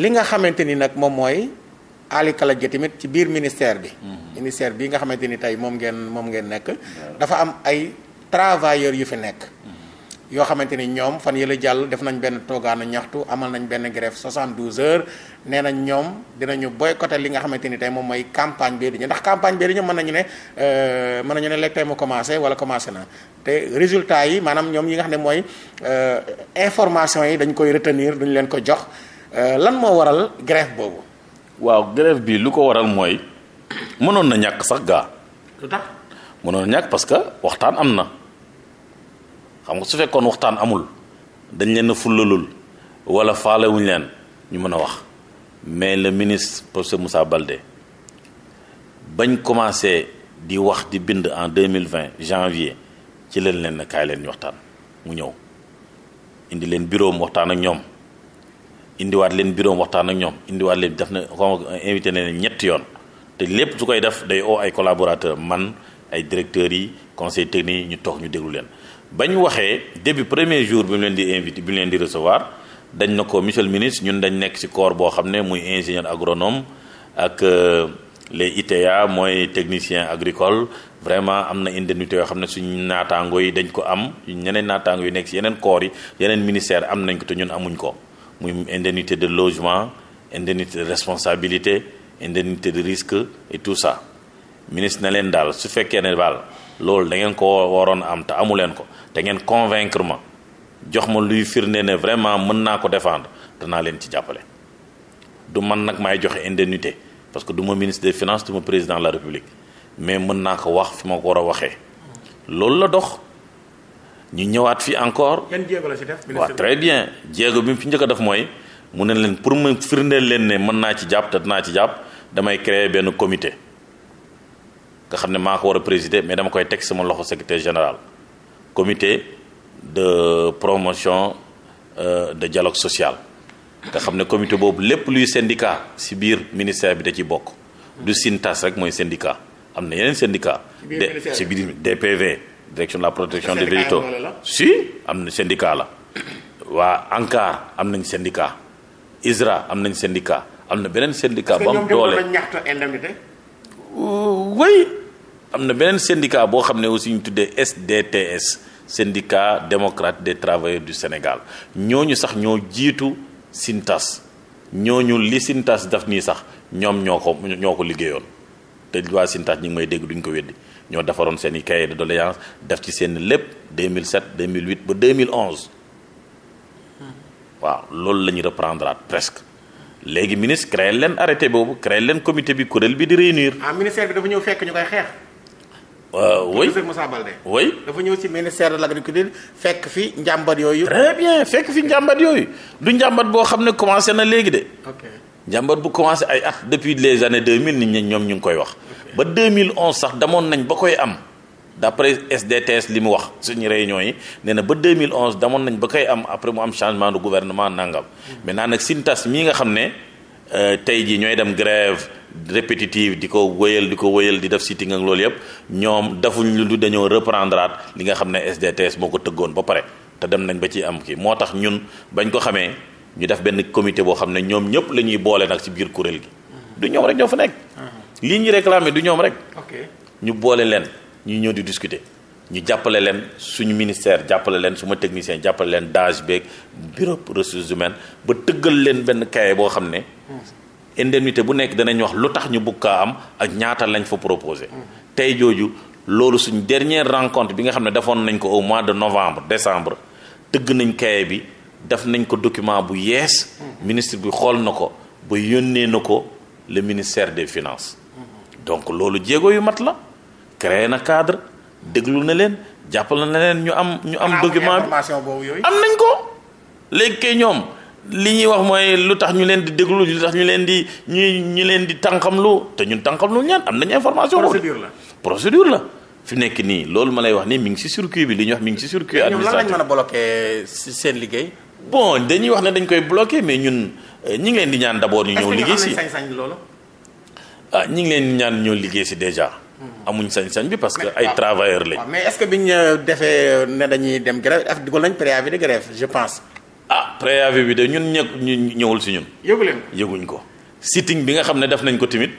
li nga xamante ni nag moom mooy Ali Kalaje tamit ci biir ministère bi. Mm-hmm. ministère bi nga xamante ni tey moom ngeen moom ngeen nekk. dafa am ay travailleurs yu fi nekk. Mm-hmm. yoo xamante ni ñoom fan yële jàll def nañ benn toogaanu ñaxtu amal nañ benn grève 72 heures nee nañ ñoom dinañu boycotter li nga xamante ni tey moom mooy campagne bee di ñu ndax campagne bee di ñu mën nañu ne euh, mën nañu ne léegi tey mu commencé wala commencé na te résultat yi maanaam ñoom yi nga xam ne mooy euh, information yi dañ koy retenir duñ leen ko jox euh, lan moo waral grève boobu. waaw grève bii lu ko waral mooy mënoon na ñàkk sax gaa. lu tax mënoon na ñàkk parce que waxtaan am na. xam nga su fekkoon waxtaan amul dañu leen a fullalul wala faalewuñ leen ñu mën a wax mais le ministre pour professeur Moussa Baldé bañ commencé di wax di bind en deux mille vingt janvier ci leen leen ne kaay leen ñu waxtaan mu ñëw indi leen bureau waxtaan ak ñoom indiwaat leen biroom waxtaan ak ñoom indiwaat leen def na xaw invité na leen ñetti yoon te lépp su koy def day oo ay collaborateur man ay directeurs yi conseil technique ñu toog ñu déglu leen bañ waxee début premier jour bi mu leen di invité bi mu leen di recevoir dañ na ko monsieur le ministre ñun dañ nekk ci corps boo xam ne muy ingénieur agronome ak euh, les ITA mooy technicien agricole vraiment am na indemnité yoo xam ne suñ naataango yi dañ ko am ñeneen naataango yi nekk ci yeneen corps yi yeneen ministère am nañ ko te ñun amuñ ko muy indemnité de logement indemnité de responsabilité indemnité de risque et tout ça ministre na leen daal su fekkee ne daal loolu da ngeen ko waroon am te amu leen ko te ngeen convaincre ma jox ma luy firnde ne vraiment mën naa ko défendre danaa leen ci jàppale du man nag maay joxe indemnité parce que du ma ministre des finances du ma président la république mais mën naa ko wax fi ma ko war a waxee loolu la dox ñu ñëwaat fi encore waaw très bien jéego bi mu fi njëkk a def mooy mu ne leen pour ma firndeel leen ne mën naa ci jàpp te dinaa ci jàpp damay créer benn comité nga xam ne maa ko war a présider mais dama koy teg sama loxo secrétaire général comité de promotion euh, de dialogue social nga xam ne comité boobu lépp luy syndicat ci biir ministère bi da ci bokk du SYNTAS rek mooy syndicat am na yeneen syndicat de ci biir DPV direction de la protection des végétaux si am na syndicat la waa ANCAR am nañ syndicat ISRA am nañ syndicat am na beneen syndicat ba am doole oui am na beneen syndicat boo xam ne aussi ñu tuddee SDTS syndicat démocrate des travailleurs du Sénégal ñu sax ñoo jiitu Sintas ñooñu li Sintas daf nii sax ñoom ñoo ko ñoo ko liggéeyoon te waa Sintas ñi ngi may dégg duñ ko weddi ñoo defaroon seen i cahier de doléance def ci seen lépp 2007 2008 ba 2011 waaw loolu la ñu reprendre at presque léegi ministre créé leen arrêté boobu créé leen comité bi kuréel bi di réunir. ah ministère bi ñëw fekk ñu koy xeex. Euh, oui professeur Moussa Baldé. oui dafa ñëw ci ministère de l'agriculture fekk fi njàmbat yooyu. très bien fekk fi njàmbat yooyu du njàmbat boo xam ne commencé na léegi de. ok bu commencé ay at depuis les années 2000 nit ñi ñoom ñu ngi koy wax. ba 2011 sax damoon nañ ba koy am d'après SDTS li mu wax suñu réunion yi nee na ba 2011 damoon nañ ba koy am après mu am changement de gouvernement nangam. Hmm. maintenant nag Sintas mii nga xam ne euh, tey jii ñooy dem grève. répétitive di ko wéyal di ko wéyal di def sitting ak loolu yëpp ñoom defuñ lu du dañoo reprendre at li nga xam ne SDTS moo ko tëggoon ba pare te dem nañ ba ci am kii moo tax ñun bañ ko xamee ñu def benn comité boo xam ne ñoom ñëpp la ñuy boole nag ci biir kuréel gi. Mm-hmm. du ñoom rek ñoo fa nekk. Mm-hmm. lii ñu réclamer du ñoom rek. ñu boole leen ñu ñëw di discuter. ñu jàppale leen suñu ministère jàppale leen suma technicien jàppale leen DAGE beeg bureau ressources humaines ba tëggal leen benn cahier boo xam ne. Mm-hmm. indemnité bu nekk danañ wax lu tax ñu bëgg kaa am ak ñaata lañ fa proposé. tey jooju loolu suñ dernière rencontre bi nga xam ne defoon nañ ko au mois de novembre décembre tëgg nañ kaye bi def nañ ko document bu yees. ministre bi xool na ko ba yónnee na ko le ministère des finances. donc loolu jéego yu mat la créé na cadre déglu na leen jàppal na leen ñu am. ñu am document bi am nañ ko léegi ñoom. li ñuy wax mooy lu tax ñu leen di déglu lu tax ñu leen di ñu ñu leen di tànqamlu te ñun tànqamlu ñaan am nañu information. procédure la procédure la. fi nekk nii loolu ma lay wax nii mi ngi ci circuit bi li ñu wax mi ngi ci circuit. administratif ñoom a bloqué ci seen liggéey. bon dañuy wax ne dañ koy bloqué mais ñun euh, ñi ngi leen di ñaan d'abord ñu ñëw liggéey ci ah ñi ngi leen ñaan ñëw liggéey ci déjà. Hmm. amuñ sañ-sañ bi parce que ay travailleurs lañ. mais est-ce que biñ defee ne dañuy dem grève dugal nañ préavis de grève je pense. ah préavis bi de ñun ñëpp ñëwul si ñun. yëgu leen ko yëguñ ko. sitting bi nga xam ne def nañ ko tamit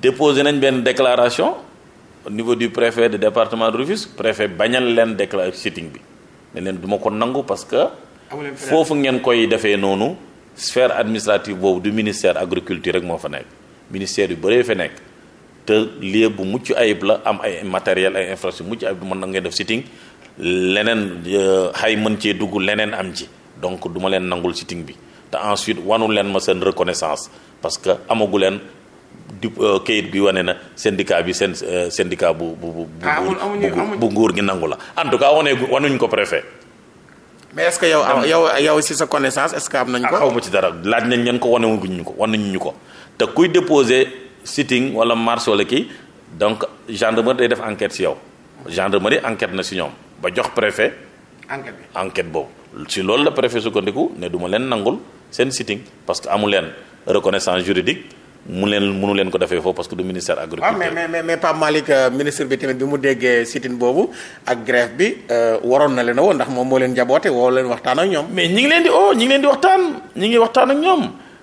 déposé nañ benn déclaration au niveau du préfet de département de Rufisque préfet bañal leen déclaré sitting bi ne leen du ma ko nangu parce que. foofu ngeen koy defee noonu sphère administrative boobu du ministère agriculture rek moo fa nekk ministère yu bëree fa nekk te lieu bu mucc ayib la am ay matériel ay infrastructure mucc ayib du mën na ngeen def sitting leneen xay euh, mën cee dugg leneen am ji donc duma ma leen nangul sitting bi te ensuite wanu leen ma seen reconnaissance parce que amagu leen di euh, kayit bi wane na syndicat bi seen euh, syndicat bu bu bu ah, bu nguur gi nangu la en tout cas wanee wanuñ ko préfet mais est-ce que yow yow yow si sa connaissance est-ce que am nañ ko ah, xaw ma ci dara laaj nañ leen ko wanewuñ ñu ko wanuñ ñu ko te kuy déposer sitting wala marche wala kii donc gendarmerie day def enquete si yow gendarmerie enquête na si ñoom ba jox préfet. enquête bi boobu. si loolu la préfet sukkandiku ne duma leen nangul seen sitting parce que amu leen reconnaissance juridique mu leen mënu leen ko defee foofu parce que du ministère agriculture. waaw mais mais mais, mais Pape Malick euh, bi tamit bi mu déggee sitting boobu ak grève bi euh, waroon na leen a woo ndax moom moo leen jaboote woo leen waxtaan ak ñoom. mais ñi ngi leen di oo oh, ñi ngi leen di waxtaan ñi ngi waxtaan ak ñoom.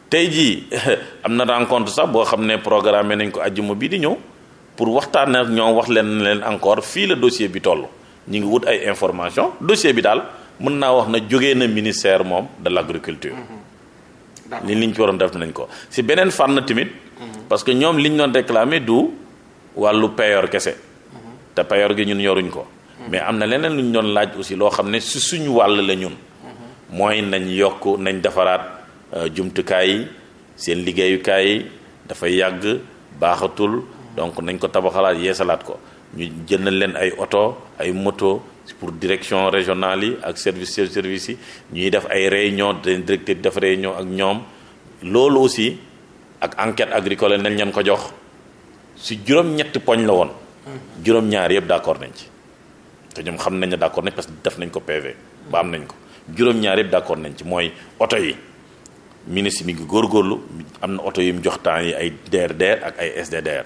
tey jii *laughs* am na rencontre sax boo xam ne programme nañ ko ajjuma bii di ñëw pour waxtaan ak ñoom wax leen leen fii la dossier bi toll. ñu ngi wut ay information dossier bi daal mën naa wax na jógee na ministère moom de l' agriculture. li liñ ci waroon def nañ ko si beneen fànn tamit. parce que ñoom liñ doon réclamer du wàllu payor kese. te payor gi ñun yoruñ ko. mais am na leneen lu doon laaj aussi loo xam ne si suñu wàll la ñun. mooy nañ yokk nañ defaraat euh, jumtukaay yi seen liggéeyukaay yi dafay yàgg baaxatul donc nañ ko tabaxalaat yeesalaat ko. ñu jëndal leen ay oto ay moto pour direction régionale yi ak service service yi ñuy def ay réunion directeur def réunion ak ñoom loolu aussi ak enquête agricole nañ leen ko jox si juróom-ñetti poñ la woon. juróom-ñaar yëpp d' accord nañ ci te ñoom xam nañ ne d' nañ parce que def nañ ko PV. ba am nañ ko juróom-ñaar yëpp d' accord nañ ci mooy oto yi ministre mi ngi góorlu am na oto yu mu jox temps yi ay DRDR ak ay SDDR.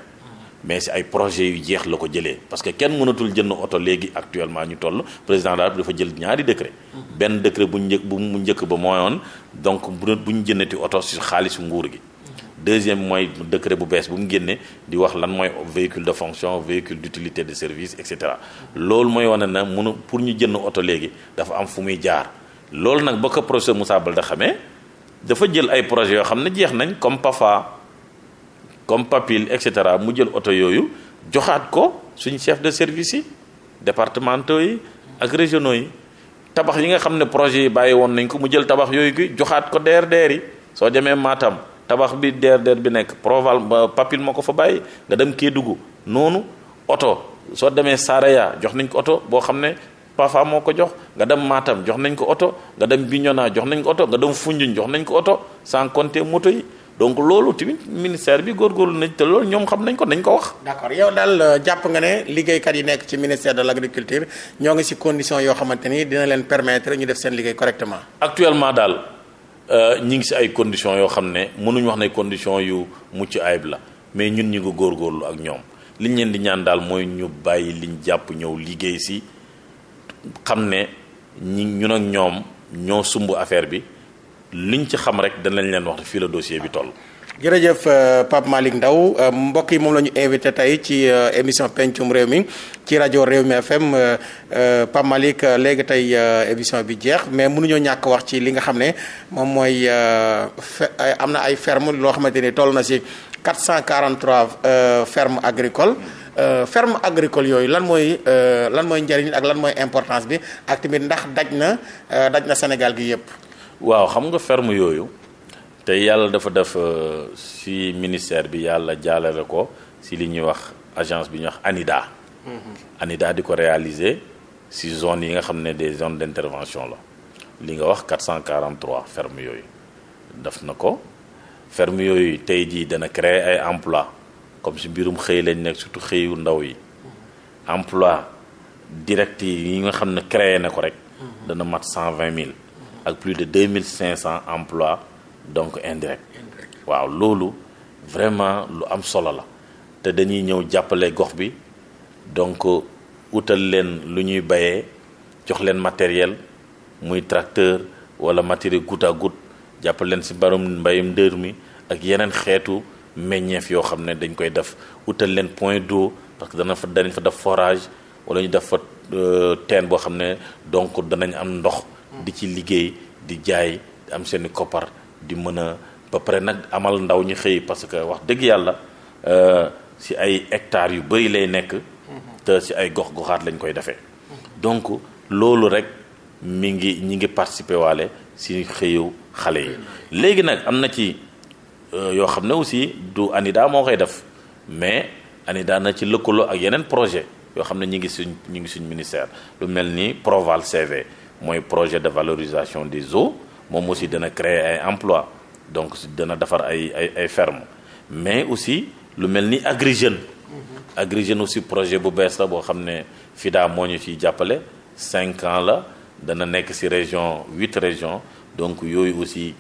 mais si ay projets yu jeex la ko jëlee parce que kenn mënatul jënd oto léegi actuellement ñu toll président daal dafa jël ñaari décret mm-hmm. benn décret bu njëkk bu mu njëkk ba mooyoon donc bu ñu jëndati oto si xaalisu nguur gi mm-hmm. deuxième mooy décret bu bees bu mu génnee di wax lan mooy véhicule de fonction véhicule d'utilité de service et cetera loolu mooy wane na mënu pour ñu jënd oto léegi dafa am fu muy jaar loolu nag ba ko professeur Moussa Baldé xamee dafa jël ay projets yoo xam ne jeex nañ comme PAFA comme Papil et cetera mu jël oto yooyu joxaat ko suñ chef de service yi départementaux yi ak régionaux yi tabax yi nga xam ne projet yi bàyyi woon nañ ko mu jël tabax yooyu gi joxaat ko DRDR yi soo demee maatam tabax bi DRDR bi nekk Proval Papil moo ko fa bàyyi nga dem Kédougou noonu oto soo demee Saraya jox nañ ko oto boo xam ne Pafa moo ko jox nga dem Matam jox nañ ko oto nga dem naa jox nañ ko oto nga dem Foundiougne jox nañ ko oto sans compter donc loolu tamit ministère bi góorgóorlu nañ te loolu ñoom xam nañ ko dañ ko wax. d'accord yow daal euh, jàpp nga ne liggéeykat yi nekk ci ministère de l'agriculture ñoo ngi ci condition yoo xamante ni dina leen permettre ñu def seen liggéey correctement. actuellement daal euh, ñi ngi ci ay conditions yoo xam ne mënuñ wax ne condition yu mucc ayib la mais ñun ñu ngi góorgóorlu ak ñoom liñ leen di ñaan daal mooy ñu bàyyi liñ jàpp ñëw liggéey si xam ne ñu ñun ak ñoom ñoo sumb affaire bi. li ñu ci xam rek danañ leen wax fii la dossier bi toll. jërëjëf euh, Pape Malick Ndao euh, mbokk yi moom la ñu invité tey ci euh, émission pencum réew mi ci rajo réew mi FM Pape Malick léegi tey émission bi jeex mais mënuñoo ñàkk wax ci li nga xam ne moom mooy am na ay ferme loo xamante ni toll na si 443 ferme agricole ferme agricole yooyu lan mooy lan mooy njëriñ ak lan mooy importance bi ak tamit ndax daj na daj na Sénégal gi yëpp waaw xam nga ferme yooyu te yàlla dafa def euh, si ministère bi yàlla jaalale ko si li ñuy wax agence bi ñuy wax ANIDA. Mhm. ANIDA di ko réaliser si zone yi nga xam ne des zone d' intervention la li nga wax 443 ferme yooyu def na ko ferme yooyu tey jii dana créer ay emploi comme si mbirum xëy lañ nekk surtout xëyu ndaw yi mhm. emploi direct yi nga xam ne créer na ko rek mhm. dana mat 120 000 ak plus de mille cinq 2500 emplois donc indirect waaw loolu vraiment lu am solo la te dañuy ñëw jàppale gox bi donc wutal leen lu ñuy bayee jox leen matériel muy tracteur wala matériel goutte à goutte jàppale leen ci mbarum mbayum ndër mi ak yeneen xeetu meññeef yoo xam ne dañ koy def wutal leen point d'eau parce que dana fa danañ fa def forage wala ñu def fa euh, teen boo xam ne donc danañ am ndox di ci liggéey di jaay am seen i koppar di mën a ba pare nag amal ndaw ñu xëy parce que wax dëgg yàlla euh, si ay hectares yu bëri lay nekk. Mhm. te si ay gox goxaat lañ koy defee. donc loolu rek mi ngi ñi ngi participer waale si xëyu xale yi léegi nag am na ci euh, yoo xam ne aussi du ANIDA moo koy def mais ANIDA na ci lëkkaloo ak yeneen projet yoo xam ne ñi ngi suñ ñi ngi suñ ministère lu mel ni Proval CV. mooy projet de valorisation des eaux moom aussi dana créer ay emploi donc dana defar ay ay ay ferme mais aussi lu mel ni Agri Jeunes mhm. Agri Jeunes aussi projet bu bees la boo xam ne FIDA moo ñu ciy jàppale cinq ans la dana nekk ci région huit régions donc yooyu aussi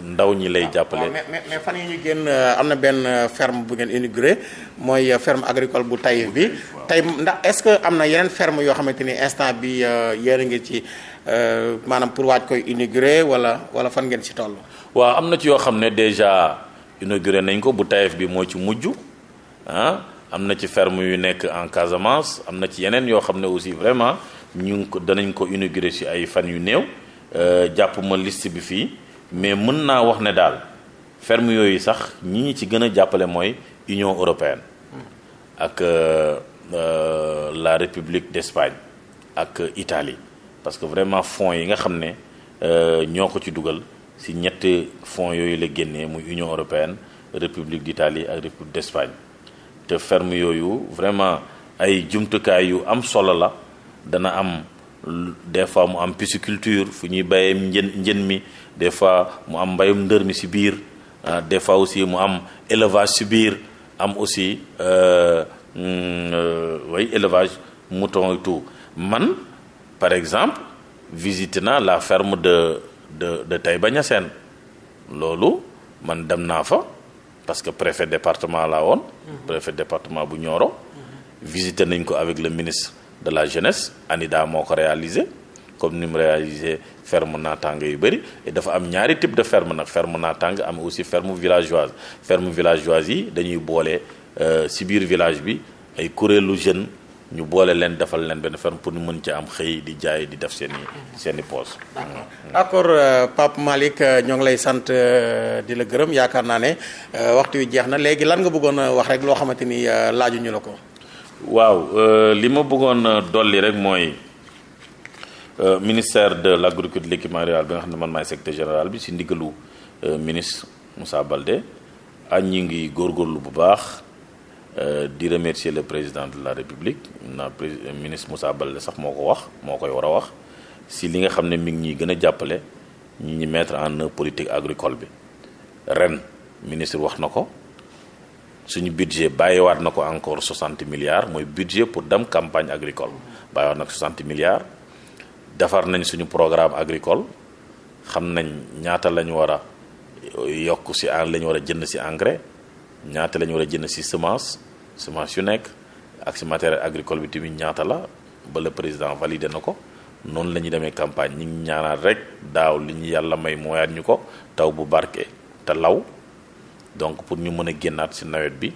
ndaw ñi lay jàppale. Ah, mais fan yi ñu génn euh, am na benn euh, ferme bu ngeen inauguré mooy euh, ferme agricole bu Taïf bi. tey ndax est-ce que am na yeneen ferme yoo xamante ni instant bi yéen a ngi ci. Euh, maanaam pour waaj koy inauguré wala wala fan ngeen ci toll. waaw am na ci yoo xam ne déjà inauguré nañ ko bu tayef bi moo ci mujj ah am na ci ferme yu nekk en Casamance am na ci yeneen yoo xam ne aussi vraiment ñu ko danañ ko inauguré si ay fan yu néew euh, jàpp ma liste bi fii mais mën naa wax ne daal ferme yooyu sax ñi ñi ci gën a jàppale mooy Union européenne ak euh, la République d'Espagne ak Italie parce que vraiment fonds yi nga xam ne euh, ñoo ko ci dugal si ñetti fonds yooyu la génnee muy Union européenne République d'Italie ak République d'Espagne te ferme yooyu vraiment ay jumtukaay yu am solo la dana am des fois mu am pisciculture fu ñuy béyeem njën njën mi des fois mu am mbayum ndër mi si biir ah, des fois aussi mu am élevage si biir am aussi way euh, mm, euh, élevage mouton et tout man par exemple visite naa la ferme de de de Taïba Niassène loolu man dem naa fa parce que préfet département laa woon. Mhm. préfet département bu Nioro. Mhm. visite nañ ko avec le ministre de la jeunesse Anida moo ko réaliser comme ni mu réalisé naa naataange yu bëri dafa am ñaari type de ferme nag ferme tàng am aussi ferme villageoise village villageoise yi dañuy boole ci euh, biir village bi ay kuréelu jeunes. ñu boole leen defal leen benn ferme pour ñu mën ci am xëy di jaay di def seen seeni seen accord euh, poos. d'accord euh, ñoo ngi lay sant euh, di la gërëm yaakaar naa ne waxtu wi jeex na léegi lan nga bëggoon wax rek loo xamante ni laaju ñu la ko. waaw li ma bëggoon dolli rek mooy ministère de l'agriculture l'équipement rural bi nga xam ne man maay secteur général bi si ndigalu ministre Moussa balde añ ñi ngi góor góorlu bu baax. Euh, di remercier le président de la république na ministre Moussa Baldé sax moo ko wax moo koy war a wax si li nga xam ne mi ngi ñuy gën a jàppale ñi ñi mettre en œuvre politique agricole bi ren ministre wax na ko suñu budget bàyyiwaat na ko encore 60 milliards mooy budget pour dem campagne agricole bàyyiwaat na ko 60 milliards defar nañ suñu programme agricole xam nañ ñaata la ñu war a yokk si en la ñu war a jënd si engrais ñaata la ñu a jënd si semence semence yu nekk ak si matériel agricole bi tamit ñaata la ba le président validé na ko noonu la ñuy demee campagne ñu ngi ñaanaat rek daaw li ñu yàlla may mooyaat ñu ko taw bu barke te law donc pour ñu mën a génnaat si nawet bi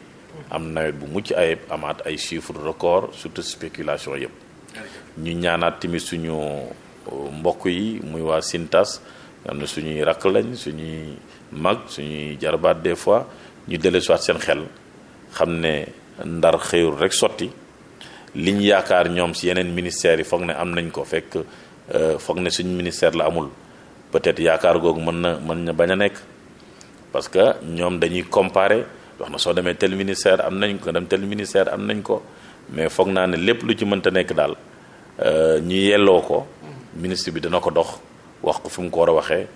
am nawet bu mucc ay amaat ay chiffres record surtout spéculation yëpp ñu ñaanaat tamit suñu euh, mbokk yi muy waa Sintas am na suñuy rakk lañ suñuy mag suñuy jarbaat des fois ñu dellusiwaat seen xel xam ne ndar xëyul rek sotti liñ yaakaar ñoom si yeneen ministères yi foog ne am nañ ko fekk euh, foog ne suñ ministère la amul peut-être yaakaar googu mën na mën na bañ a nekk parce que ñoom dañuy comparer wax na soo demee tel ministère am nañ ko dem tel am nañ ko mais foog naa ne lépp lu ci mënta nekk daal euh, ñu yelloo ko ministre bi dana ko dox wax ko fi mu ko war a waxee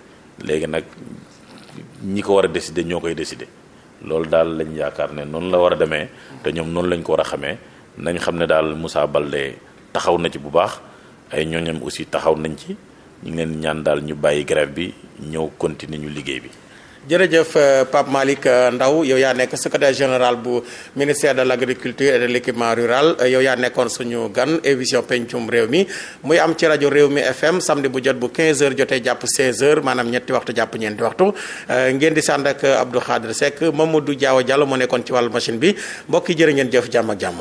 léegi nag ñi ko war a décider ñoo koy décider loolu daal lañ yaakaar ne noonu la war a demee te ñoom noonu lañ ko war a xamee nañ xam ne daal Moussa Baldé taxaw na ci bu baax ay ñoñam aussi taxaw nañ ci ñu ngi leen ñaan daal ñu bàyyi grève bi ñëw kontine ñu liggéey bi jërëjëf euh, Pape Malick euh, Ndaw yow yaa nekk secrétaire général bu ministère de l' agriculture et de l' équipement rural euh, yow yaa nekkoon suñu gan émission pencum réew mi muy am ci rajo réew mi FM samedi bu jot bu 15h jotee jàpp 16h maanaam ñetti waxtu jàpp ñeenti waxtu ngeen di sànd ak sekk moom Seck du Diaw Diallo mu nekkoon ci wàllu machine bi mbokki yi ngeen jëf jàmm ak jàmm.